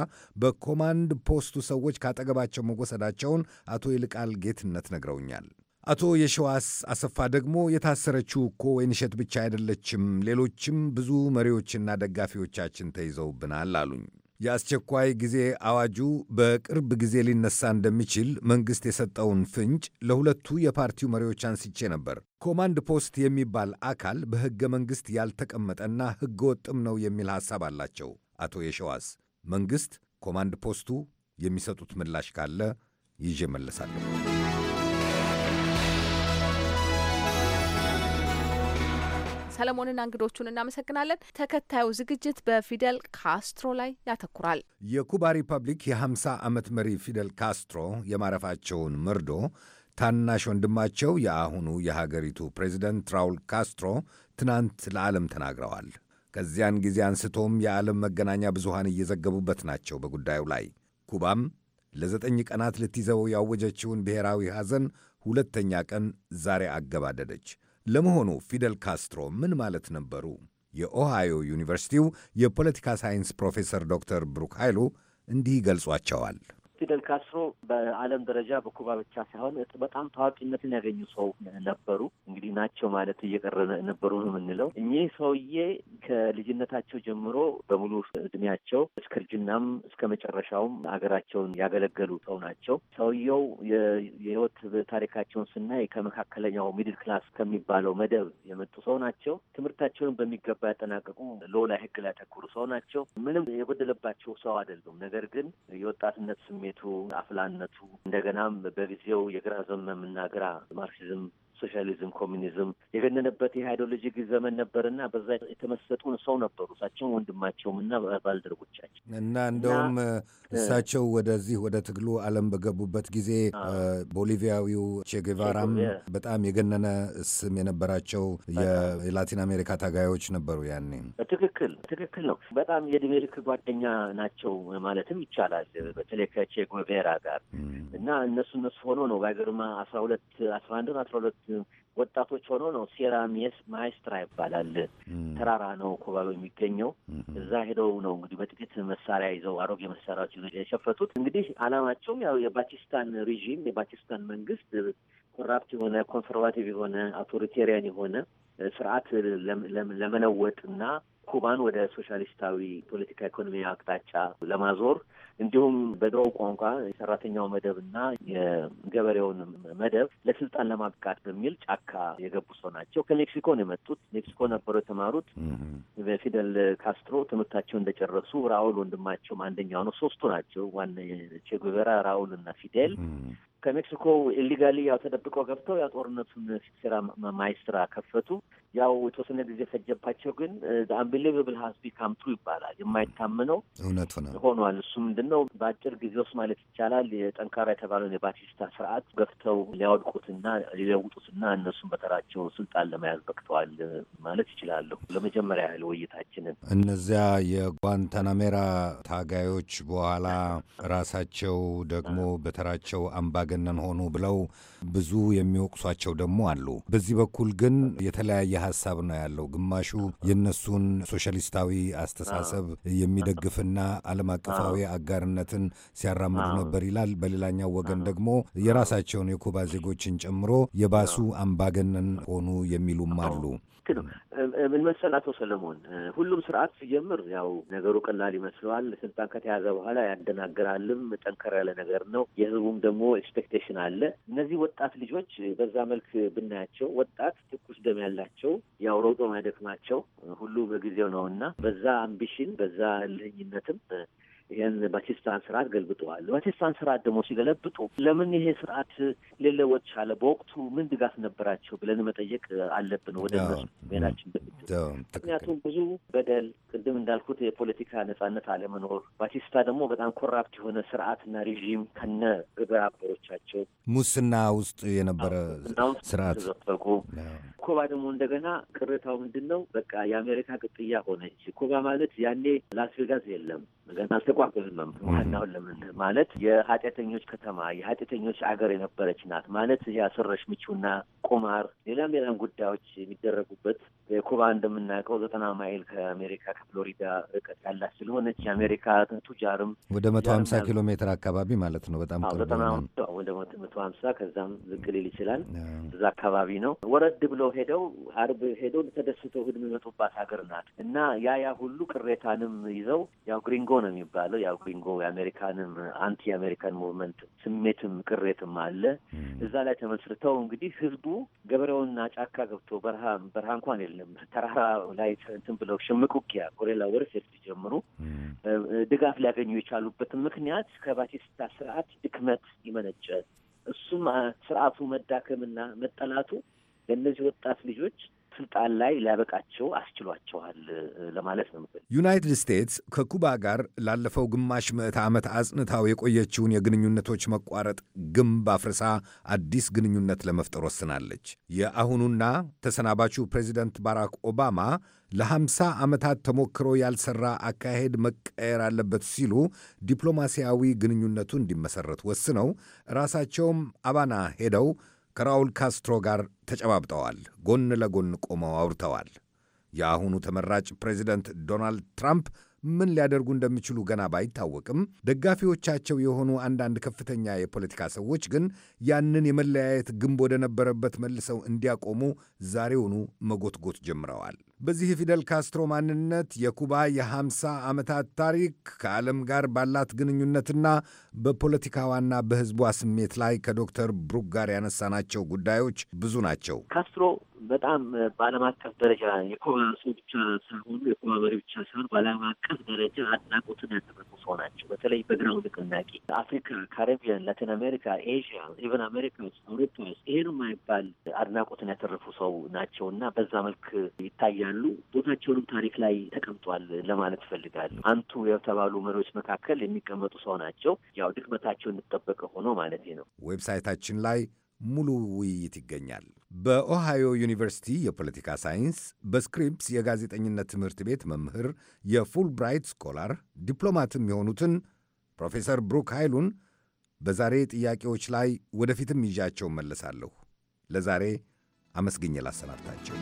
በኮማንድ ፖስቱ ሰዎች ካጠገባቸው መወሰዳቸውን አቶ ይልቃል ጌትነት ነግረውኛል። አቶ የሸዋስ አሰፋ ደግሞ የታሰረችው እኮ ወይንሸት ብቻ አይደለችም፣ ሌሎችም ብዙ መሪዎችና ደጋፊዎቻችን ተይዘውብናል አሉኝ። የአስቸኳይ ጊዜ አዋጁ በቅርብ ጊዜ ሊነሳ እንደሚችል መንግሥት የሰጠውን ፍንጭ ለሁለቱ የፓርቲው መሪዎች አንስቼ ነበር። ኮማንድ ፖስት የሚባል አካል በሕገ መንግሥት ያልተቀመጠና ሕገ ወጥም ነው የሚል ሐሳብ አላቸው አቶ የሸዋስ። መንግሥት ኮማንድ ፖስቱ የሚሰጡት ምላሽ ካለ ይዤ መለሳለሁ። ሰለሞንና እንግዶቹን እናመሰግናለን። ተከታዩ ዝግጅት በፊደል ካስትሮ ላይ ያተኩራል። የኩባ ሪፐብሊክ የ50 ዓመት መሪ ፊደል ካስትሮ የማረፋቸውን መርዶ ታናሽ ወንድማቸው የአሁኑ የሀገሪቱ ፕሬዚደንት ራውል ካስትሮ ትናንት ለዓለም ተናግረዋል። ከዚያን ጊዜ አንስቶም የዓለም መገናኛ ብዙሃን እየዘገቡበት ናቸው በጉዳዩ ላይ። ኩባም ለዘጠኝ ቀናት ልትይዘው ያወጀችውን ብሔራዊ ሐዘን ሁለተኛ ቀን ዛሬ አገባደደች። ለመሆኑ ፊደል ካስትሮ ምን ማለት ነበሩ? የኦሃዮ ዩኒቨርሲቲው የፖለቲካ ሳይንስ ፕሮፌሰር ዶክተር ብሩክ ኃይሉ እንዲህ ይገልጿቸዋል። ፊደል ካስትሮ በዓለም ደረጃ በኩባ ብቻ ሳይሆን በጣም ታዋቂነትን ያገኙ ሰው ነበሩ። እንግዲህ ናቸው ማለት እየቀረ ነበሩ ነው የምንለው። እኚህ ሰውዬ ከልጅነታቸው ጀምሮ በሙሉ እድሜያቸው እስከ እርጅናም እስከ መጨረሻውም ሀገራቸውን ያገለገሉ ሰው ናቸው። ሰውየው የህይወት ታሪካቸውን ስናይ ከመካከለኛው ሚድል ክላስ ከሚባለው መደብ የመጡ ሰው ናቸው። ትምህርታቸውን በሚገባ ያጠናቀቁ ሎላ ህግ ላይ ያተኩሩ ሰው ናቸው። ምንም የጎደለባቸው ሰው አይደሉም። ነገር ግን የወጣትነት ስሜ ስሜቱ፣ አፍላነቱ እንደገናም በጊዜው የግራ ዘመምና ግራ ማርክሲዝም ሶሻሊዝም፣ ኮሚኒዝም የገነነበት የአይዲዮሎጂ ዘመን ነበርና በዛ የተመሰጡን ሰው ነበሩ። እሳቸውም ወንድማቸውም እና ባልደረቦቻቸው እና እንደውም እሳቸው ወደዚህ ወደ ትግሉ ዓለም በገቡበት ጊዜ ቦሊቪያዊው ቼጌቫራም በጣም የገነነ ስም የነበራቸው የላቲን አሜሪካ ታጋዮች ነበሩ። ያኔ በትክክል ትክክል ነው። በጣም የዕድሜ ልክ ጓደኛ ናቸው ማለትም ይቻላል። በተለይ ከቼ ጉቬራ ጋር እና እነሱ እነሱ ሆኖ ነው ባይገርማ አስራ ሁለት አስራ አንድን አስራ ሁለት ወጣቶች ሆኖ ነው ሴራ ማይስትራ ይባላል። ተራራ ነው ኮባሎ የሚገኘው። እዛ ሄደው ነው እንግዲህ በጥቂት መሳሪያ ይዘው አሮጌ መሳሪያዎች ይዘው የሸፈቱት። እንግዲህ አላማቸውም ያው የባቲስታን ሪዥም የባቲስታን መንግስት ኮራፕት የሆነ ኮንሰርቫቲቭ የሆነ አውቶሪቴሪያን የሆነ ስርዓት ለመለወጥ እና ኩባን ወደ ሶሻሊስታዊ ፖለቲካ ኢኮኖሚ አቅጣጫ ለማዞር እንዲሁም በድሮው ቋንቋ የሰራተኛው መደብ እና የገበሬውን መደብ ለስልጣን ለማብቃት በሚል ጫካ የገቡ ሰው ናቸው። ከሜክሲኮ ነው የመጡት። ሜክሲኮ ነበሩ የተማሩት። በፊደል ካስትሮ ትምህርታቸው እንደጨረሱ ራውል ወንድማቸውም አንደኛው ነው። ሶስቱ ናቸው ዋና ቼጉቬራ፣ ራውል እና ፊደል ከሜክሲኮ ኢሊጋሊ ያው ተደብቀው ገብተው ያው ጦርነቱን ሴራ ማይስራ ከፈቱ። ያው የተወሰነ ጊዜ ፈጀባቸው፣ ግን አንቢሊቨብል ሀዝ ካምቱ ይባላል። የማይታመነው እውነት ሆኗል። እሱ ምንድን ነው? በአጭር ጊዜ ውስጥ ማለት ይቻላል የጠንካራ የተባለውን የባቲስታ ስርዓት ገፍተው ሊያወድቁትና ሊለውጡትና እነሱን በተራቸው ስልጣን ለመያዝ በቅተዋል ማለት ይችላለሁ። ለመጀመሪያ ያህል ውይይታችንን እነዚያ የጓንታናሜራ ታጋዮች በኋላ ራሳቸው ደግሞ በተራቸው አምባ አምባገነን ሆኑ ብለው ብዙ የሚወቅሷቸው ደግሞ አሉ። በዚህ በኩል ግን የተለያየ ሀሳብ ነው ያለው። ግማሹ የእነሱን ሶሻሊስታዊ አስተሳሰብ የሚደግፍና ዓለም አቀፋዊ አጋርነትን ሲያራምዱ ነበር ይላል። በሌላኛው ወገን ደግሞ የራሳቸውን የኩባ ዜጎችን ጨምሮ የባሱ አምባገነን ሆኑ የሚሉም አሉ። ልክ ነው። ምን መሰል አቶ ሰለሞን፣ ሁሉም ስርዓት ሲጀምር ያው ነገሩ ቀላል ይመስለዋል። ስልጣን ከተያዘ በኋላ ያደናግራልም። ጠንከር ያለ ነገር ነው። የህዝቡም ደግሞ ኤክስፔክቴሽን አለ። እነዚህ ወጣት ልጆች በዛ መልክ ብናያቸው ወጣት ትኩስ ደም ያላቸው ያው ሮጦ ማይደክማቸው ሁሉ በጊዜው ነው እና በዛ አምቢሽን በዛ ልህኝነትም። ይህን ባቲስታን ስርዓት ገልብጠዋል። ባቲስታን ስርዓት ደግሞ ሲገለብጡ ለምን ይሄ ስርዓት ሊለወጥ ቻለ? በወቅቱ ምን ድጋፍ ነበራቸው ብለን መጠየቅ አለብን። ወደ ናችን ምክንያቱም ብዙ በደል፣ ቅድም እንዳልኩት የፖለቲካ ነጻነት አለመኖር፣ ባቲስታ ደግሞ በጣም ኮራፕት የሆነ ስርዓትና ሬዥም ከነ ግብረ አበሮቻቸው ሙስና ውስጥ የነበረ ስርዓት ተዘፈቁ። ኩባ ደግሞ እንደገና ቅሬታው ምንድን ነው? በቃ የአሜሪካ ቅጥያ ሆነች ኩባ ማለት ያኔ ላስቬጋዝ የለም ገና አልተጓጎዝንም። ዋናውን ለምን ማለት የኃጢአተኞች ከተማ የኃጢአተኞች አገር የነበረች ናት ማለት ያሰረሽ ምቹና ቁማር፣ ሌላም ሌላም ጉዳዮች የሚደረጉበት ኩባ እንደምናውቀው ዘጠና ማይል ከአሜሪካ ከፍሎሪዳ ርቀት ያላት ስለሆነች የአሜሪካ ቱጃርም ወደ መቶ ሀምሳ ኪሎ ሜትር አካባቢ ማለት ነው። በጣም ዘጠና ወደ መቶ ሀምሳ ከዛም ዝቅ ሊል ይችላል። እዛ አካባቢ ነው። ወረድ ብለው ሄደው አርብ ሄደው ተደስተው ህድም የመጡባት ሀገር ናት እና ያ ያ ሁሉ ቅሬታንም ይዘው ያው ግሪንጎ ነው የሚባል እንዳለው ያው ኮንጎ የአሜሪካንም አንቲ የአሜሪካን ሙቭመንት ስሜትም ቅሬትም አለ። እዛ ላይ ተመስርተው እንግዲህ ህዝቡ ገበሬውና ጫካ ገብቶ በረሃ በረሃ እንኳን የለም ተራራ ላይ እንትን ብለው ሽምቅ ውጊያ ጎሪላ ወረርሽኝ ሲጀምሩ ድጋፍ ሊያገኙ የቻሉበትን ምክንያት ከባቲስታ ስርዓት ድክመት ይመነጨ እሱም ስርዓቱ መዳከምና መጠላቱ ለእነዚህ ወጣት ልጆች ስልጣን ላይ ሊያበቃቸው አስችሏቸዋል ለማለት ነው። ዩናይትድ ስቴትስ ከኩባ ጋር ላለፈው ግማሽ ምዕተ ዓመት አጽንታው የቆየችውን የግንኙነቶች መቋረጥ ግንብ አፍርሳ አዲስ ግንኙነት ለመፍጠር ወስናለች። የአሁኑና ተሰናባቹ ፕሬዚደንት ባራክ ኦባማ ለሐምሳ ዓመታት ተሞክሮ ያልሠራ አካሄድ መቀየር አለበት ሲሉ ዲፕሎማሲያዊ ግንኙነቱ እንዲመሠረት ወስነው ራሳቸውም አባና ሄደው ከራውል ካስትሮ ጋር ተጨባብጠዋል፣ ጎን ለጎን ቆመው አውርተዋል። የአሁኑ ተመራጭ ፕሬዚደንት ዶናልድ ትራምፕ ምን ሊያደርጉ እንደሚችሉ ገና ባይታወቅም ደጋፊዎቻቸው የሆኑ አንዳንድ ከፍተኛ የፖለቲካ ሰዎች ግን ያንን የመለያየት ግንብ ወደ ነበረበት መልሰው እንዲያቆሙ ዛሬውኑ መጎትጎት ጀምረዋል። በዚህ የፊደል ካስትሮ ማንነት፣ የኩባ የ50 ዓመታት ታሪክ፣ ከዓለም ጋር ባላት ግንኙነትና በፖለቲካዋና በሕዝቧ ስሜት ላይ ከዶክተር ብሩክ ጋር ያነሳናቸው ጉዳዮች ብዙ ናቸው። ካስትሮ በጣም በዓለም አቀፍ ደረጃ የኩባ ሰው ብቻ ሳይሆኑ የኩባ መሪ ብቻ ሳይሆን በዓለም አቀፍ ደረጃ አድናቆትን ያተረፉ ሰው ናቸው። በተለይ በግራው ንቅናቄ አፍሪካ፣ ካሪቢያን፣ ላቲን አሜሪካ፣ ኤዥያ፣ ኢቨን አሜሪካ ውስጥ፣ አውሮፓ ውስጥ ይሄን የማይባል አድናቆትን ያተረፉ ሰው ናቸው እና በዛ መልክ ይታያል ያሉ ቦታቸውንም ታሪክ ላይ ተቀምጧል ለማለት እፈልጋለሁ። አንቱ የተባሉ መሪዎች መካከል የሚቀመጡ ሰው ናቸው። ያው ድክመታቸው እንጠበቀ ሆኖ ማለት ነው። ዌብሳይታችን ላይ ሙሉ ውይይት ይገኛል። በኦሃዮ ዩኒቨርሲቲ የፖለቲካ ሳይንስ በስክሪፕስ የጋዜጠኝነት ትምህርት ቤት መምህር፣ የፉል ብራይት ስኮላር ዲፕሎማትም የሆኑትን ፕሮፌሰር ብሩክ ኃይሉን በዛሬ ጥያቄዎች ላይ ወደፊትም ይዣቸው መለሳለሁ። ለዛሬ አመስግኜ ላሰናብታቸው።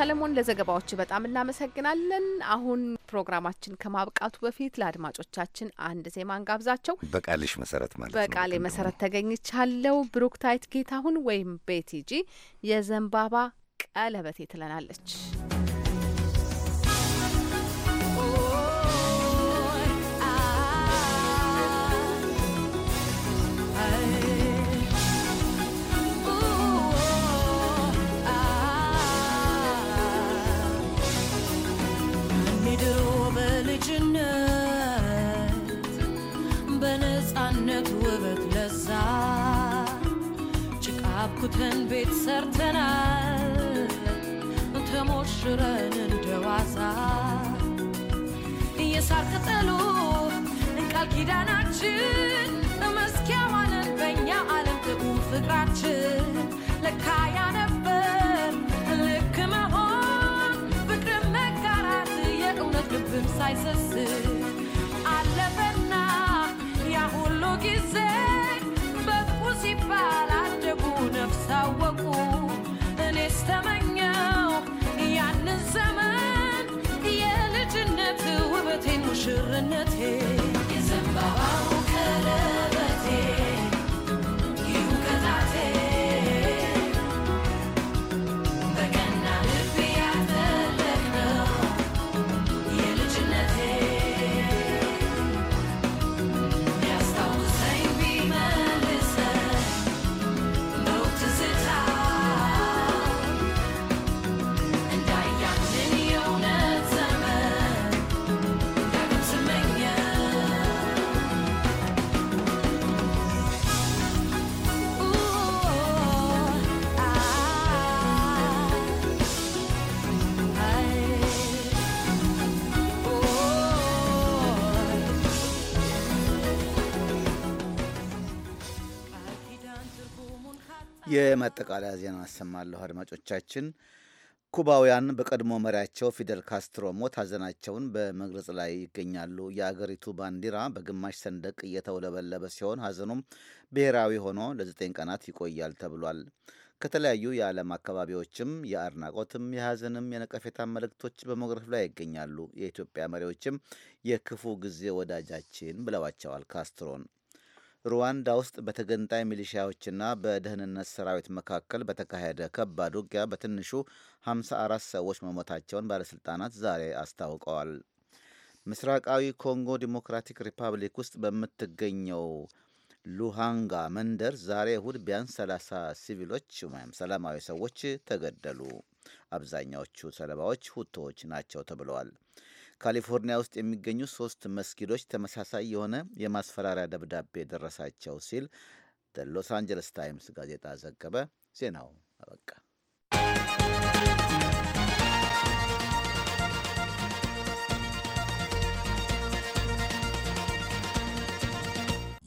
ሰለሞን ለዘገባዎች በጣም እናመሰግናለን። አሁን ፕሮግራማችን ከማብቃቱ በፊት ለአድማጮቻችን አንድ ዜማ እንጋብዛቸው። በቃልሽ መሰረት ማለት ነው። በቃሌ መሰረት ተገኝቻለው። ብሩክታይት ጌታሁን ወይም ቤቲጂ የዘንባባ ቀለበቴ ትለናለች። I ድሮ በልጅነት በነፃነት ውበት ለዛ ጭቃ ቤት ሰርተናል ተሞሽረን እንደዋዛ የሳር ቅጠሉ ቃል ኪዳናችን መስኪያ ዋለን በእኛ ዓለም ትቁም ፍቅራችን ሽርነቴ የማጠቃለያ ዜና አሰማለሁ። አድማጮቻችን ኩባውያን በቀድሞ መሪያቸው ፊደል ካስትሮ ሞት ሐዘናቸውን በመግለጽ ላይ ይገኛሉ። የአገሪቱ ባንዲራ በግማሽ ሰንደቅ እየተውለበለበ ሲሆን ሐዘኑም ብሔራዊ ሆኖ ለዘጠኝ ቀናት ይቆያል ተብሏል። ከተለያዩ የዓለም አካባቢዎችም የአድናቆትም የሐዘንም የነቀፌታ መልእክቶች በመጉረፍ ላይ ይገኛሉ። የኢትዮጵያ መሪዎችም የክፉ ጊዜ ወዳጃችን ብለዋቸዋል ካስትሮን። ሩዋንዳ ውስጥ በተገንጣይ ሚሊሺያዎችና በደህንነት ሰራዊት መካከል በተካሄደ ከባድ ውጊያ በትንሹ 54 ሰዎች መሞታቸውን ባለሥልጣናት ዛሬ አስታውቀዋል። ምስራቃዊ ኮንጎ ዲሞክራቲክ ሪፐብሊክ ውስጥ በምትገኘው ሉሃንጋ መንደር ዛሬ እሁድ ቢያንስ 30 ሲቪሎች ወይም ሰላማዊ ሰዎች ተገደሉ። አብዛኛዎቹ ሰለባዎች ሁቶዎች ናቸው ተብለዋል። ካሊፎርኒያ ውስጥ የሚገኙ ሶስት መስጊዶች ተመሳሳይ የሆነ የማስፈራሪያ ደብዳቤ ደረሳቸው ሲል ሎስ አንጀለስ ታይምስ ጋዜጣ ዘገበ። ዜናው አበቃ።